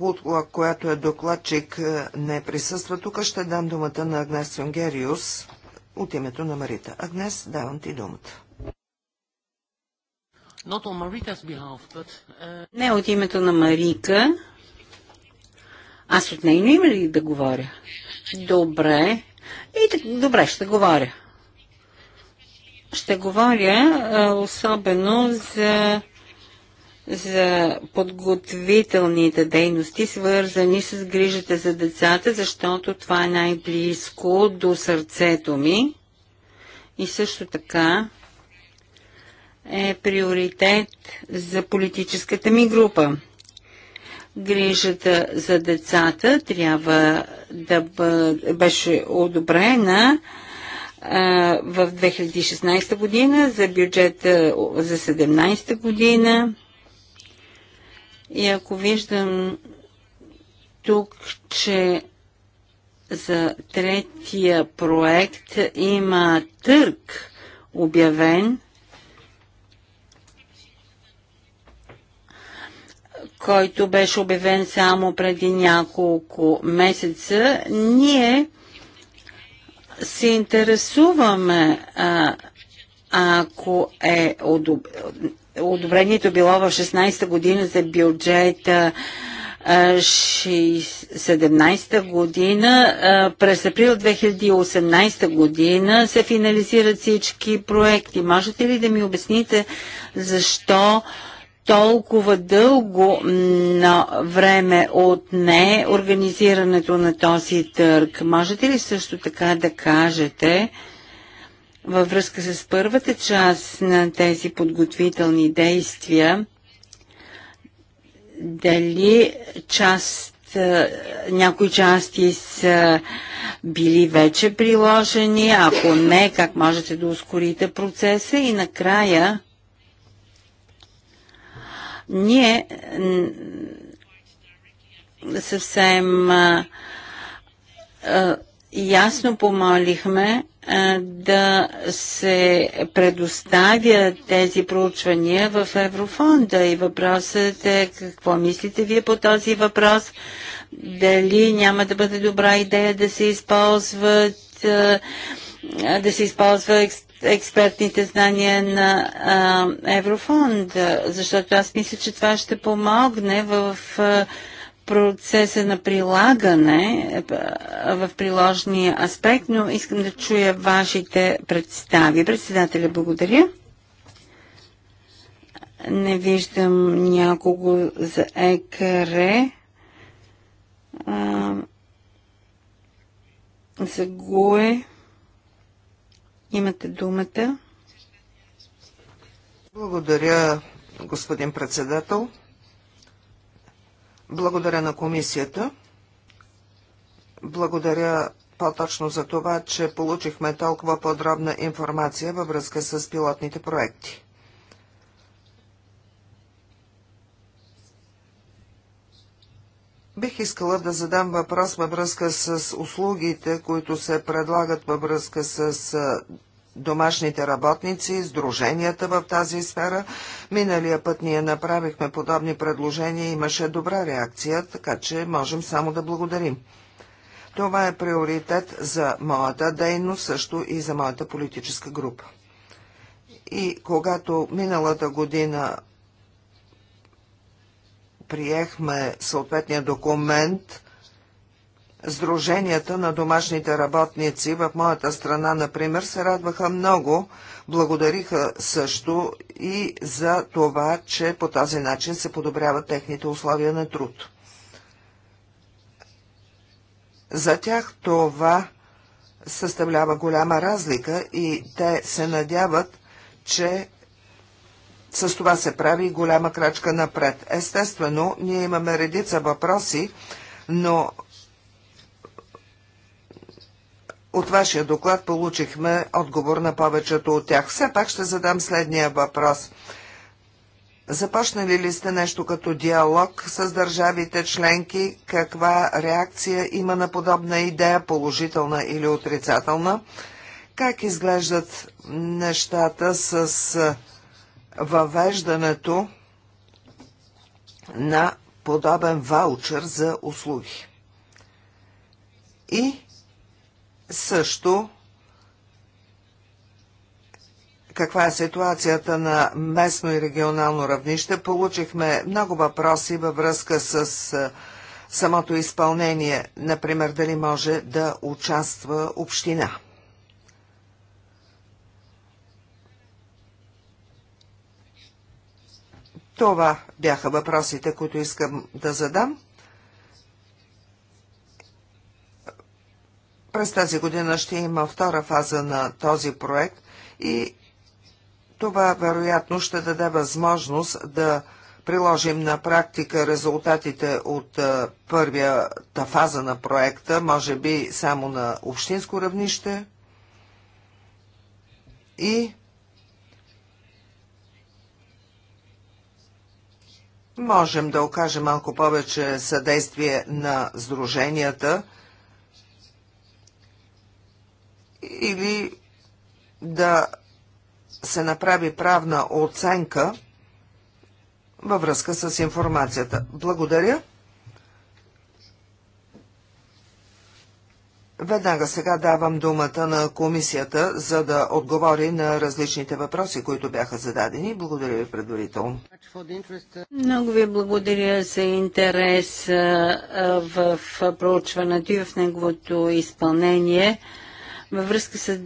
която е докладчик, е, не присъства тук. Ще дам думата на Агнес Юнгериус от името на Марита. Агнес, давам ти думата. Uh, Не от името на Марика. Аз от нейно име ли да говоря? Добре. И добре, ще говоря. Ще говоря а, особено за за подготвителните дейности, свързани с грижата за децата, защото това е най-близко до сърцето ми. И също така е приоритет за политическата ми група. Грижата за децата трябва да беше одобрена в 2016 година за бюджета за 2017 година. И ако виждам тук, че за третия проект има търг обявен който беше обявен само преди няколко месеца, ние се интересуваме, а, ако е одобрението било в 16-та година за бюджета 17-та година. През април 2018 година се финализират всички проекти. Можете ли да ми обясните защо толкова дълго на време отне организирането на този търг. Можете ли също така да кажете във връзка с първата част на тези подготвителни действия, дали част някои части са били вече приложени, ако не, как можете да ускорите процеса и накрая ние съвсем ясно помолихме да се предоставят тези проучвания в Еврофонда и въпросът е какво мислите вие по този въпрос? Дали няма да бъде добра идея да се използват да се използва експерт експертните знания на а, Еврофонд, защото аз мисля, че това ще помогне в а, процеса на прилагане в приложния аспект, но искам да чуя вашите представи. Председателя, благодаря. Не виждам някого за ЕКР. А, за ГУЕ. Имате думата. Благодаря, господин председател. Благодаря на комисията. Благодаря по-точно за това, че получихме толкова подробна информация във връзка с пилотните проекти. Бих искала да задам въпрос във връзка с услугите, които се предлагат във връзка с домашните работници, сдруженията в тази сфера. Миналия път ние направихме подобни предложения, имаше добра реакция, така че можем само да благодарим. Това е приоритет за моята дейност, също и за моята политическа група. И когато миналата година приехме съответния документ, Сдруженията на домашните работници в моята страна, например, се радваха много, благодариха също и за това, че по този начин се подобряват техните условия на труд. За тях това съставлява голяма разлика и те се надяват, че с това се прави голяма крачка напред. Естествено, ние имаме редица въпроси, но от вашия доклад получихме отговор на повечето от тях. Все пак ще задам следния въпрос. Започнали ли сте нещо като диалог с държавите членки? Каква реакция има на подобна идея, положителна или отрицателна? Как изглеждат нещата с въвеждането на подобен ваучер за услуги. И също каква е ситуацията на местно и регионално равнище. Получихме много въпроси във връзка с самото изпълнение, например дали може да участва община. Това бяха въпросите, които искам да задам. През тази година ще има втора фаза на този проект и това вероятно ще даде възможност да приложим на практика резултатите от първията фаза на проекта, може би само на общинско равнище и можем да окажем малко повече съдействие на сдруженията или да се направи правна оценка във връзка с информацията. Благодаря. Веднага сега давам думата на комисията, за да отговори на различните въпроси, които бяха зададени. Благодаря ви предварително. Много ви благодаря за интерес в проучването и в неговото изпълнение. Във връзка с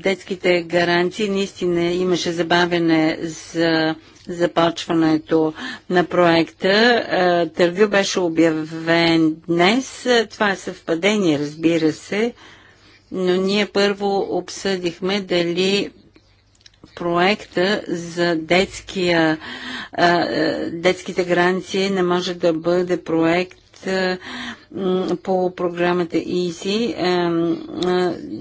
детските гаранции наистина имаше забавене за започването на проекта. Е, Тървю беше обявен днес. Е, това е съвпадение, разбира се, но ние първо обсъдихме дали проекта за детския, е, детските гаранции не може да бъде проект е, по програмата ИСИ. Е, е,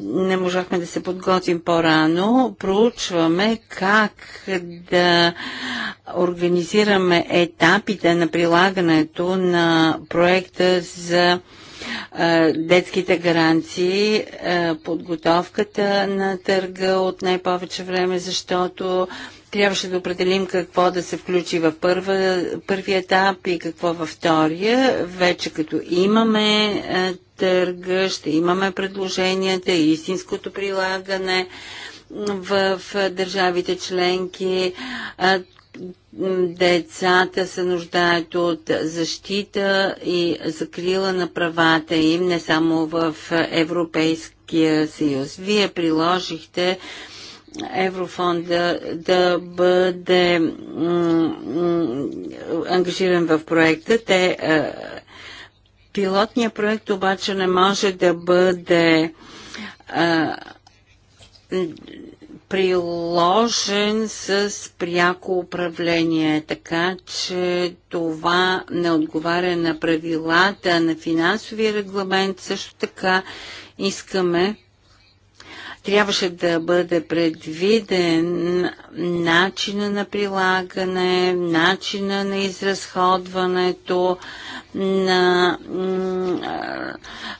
не можахме да се подготвим по-рано. Проучваме как да организираме етапите на прилагането на проекта за детските гаранции, подготовката на търга от най-повече време, защото трябваше да определим какво да се включи в първа, първи етап и какво във втория. Вече като имаме е, търга, ще имаме предложенията, истинското прилагане в държавите членки. Е, децата се нуждаят от защита и закрила на правата им, не само в Европейския съюз. Вие приложихте еврофонда да бъде ангажиран в проекта. Те, е, пилотният проект обаче не може да бъде а, е, приложен с пряко управление, така че това не отговаря на правилата на финансовия регламент. Също така искаме трябваше да бъде предвиден начина на прилагане, начина на изразходването на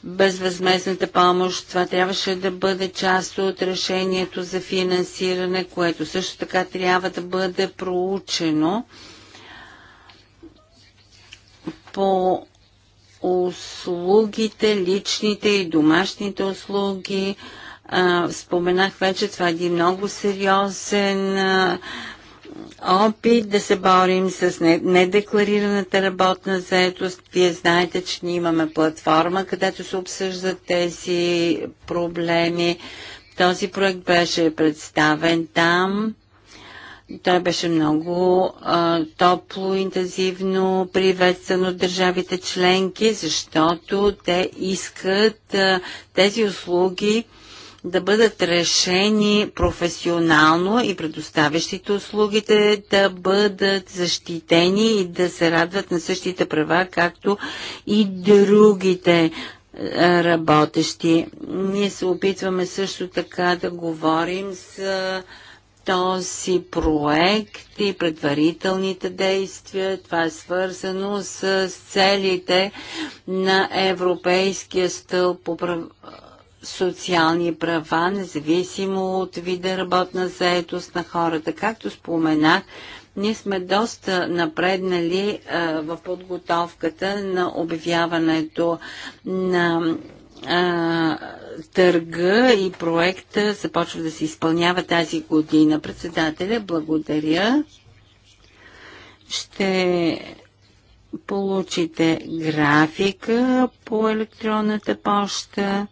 безвъзмезната помощ. Това трябваше да бъде част от решението за финансиране, което също така трябва да бъде проучено по услугите, личните и домашните услуги, споменах вече, това е един много сериозен опит да се борим с недекларираната работна заетост. Вие знаете, че ние имаме платформа, където се обсъждат тези проблеми. Този проект беше представен там. Той беше много а, топло, интензивно приветстван от държавите членки, защото те искат а, тези услуги да бъдат решени професионално и предоставящите услугите да бъдат защитени и да се радват на същите права, както и другите е, работещи. Ние се опитваме също така да говорим с този проект и предварителните действия. Това е свързано с целите на Европейския стълб по социални права, независимо от вида работна заетост на хората. Както споменах, ние сме доста напреднали а, е, в подготовката на обявяването на а, е, търга и проекта започва да се изпълнява тази година. Председателя, благодаря. Ще получите графика по електронната поща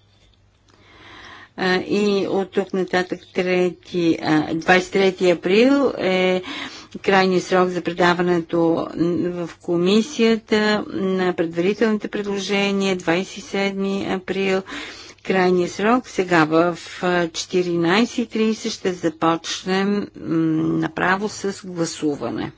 и от тук нататък 3, 23 април е крайния срок за предаването в комисията на предварителните предложения 27 април крайния срок. Сега в 14.30 ще започнем направо с гласуване.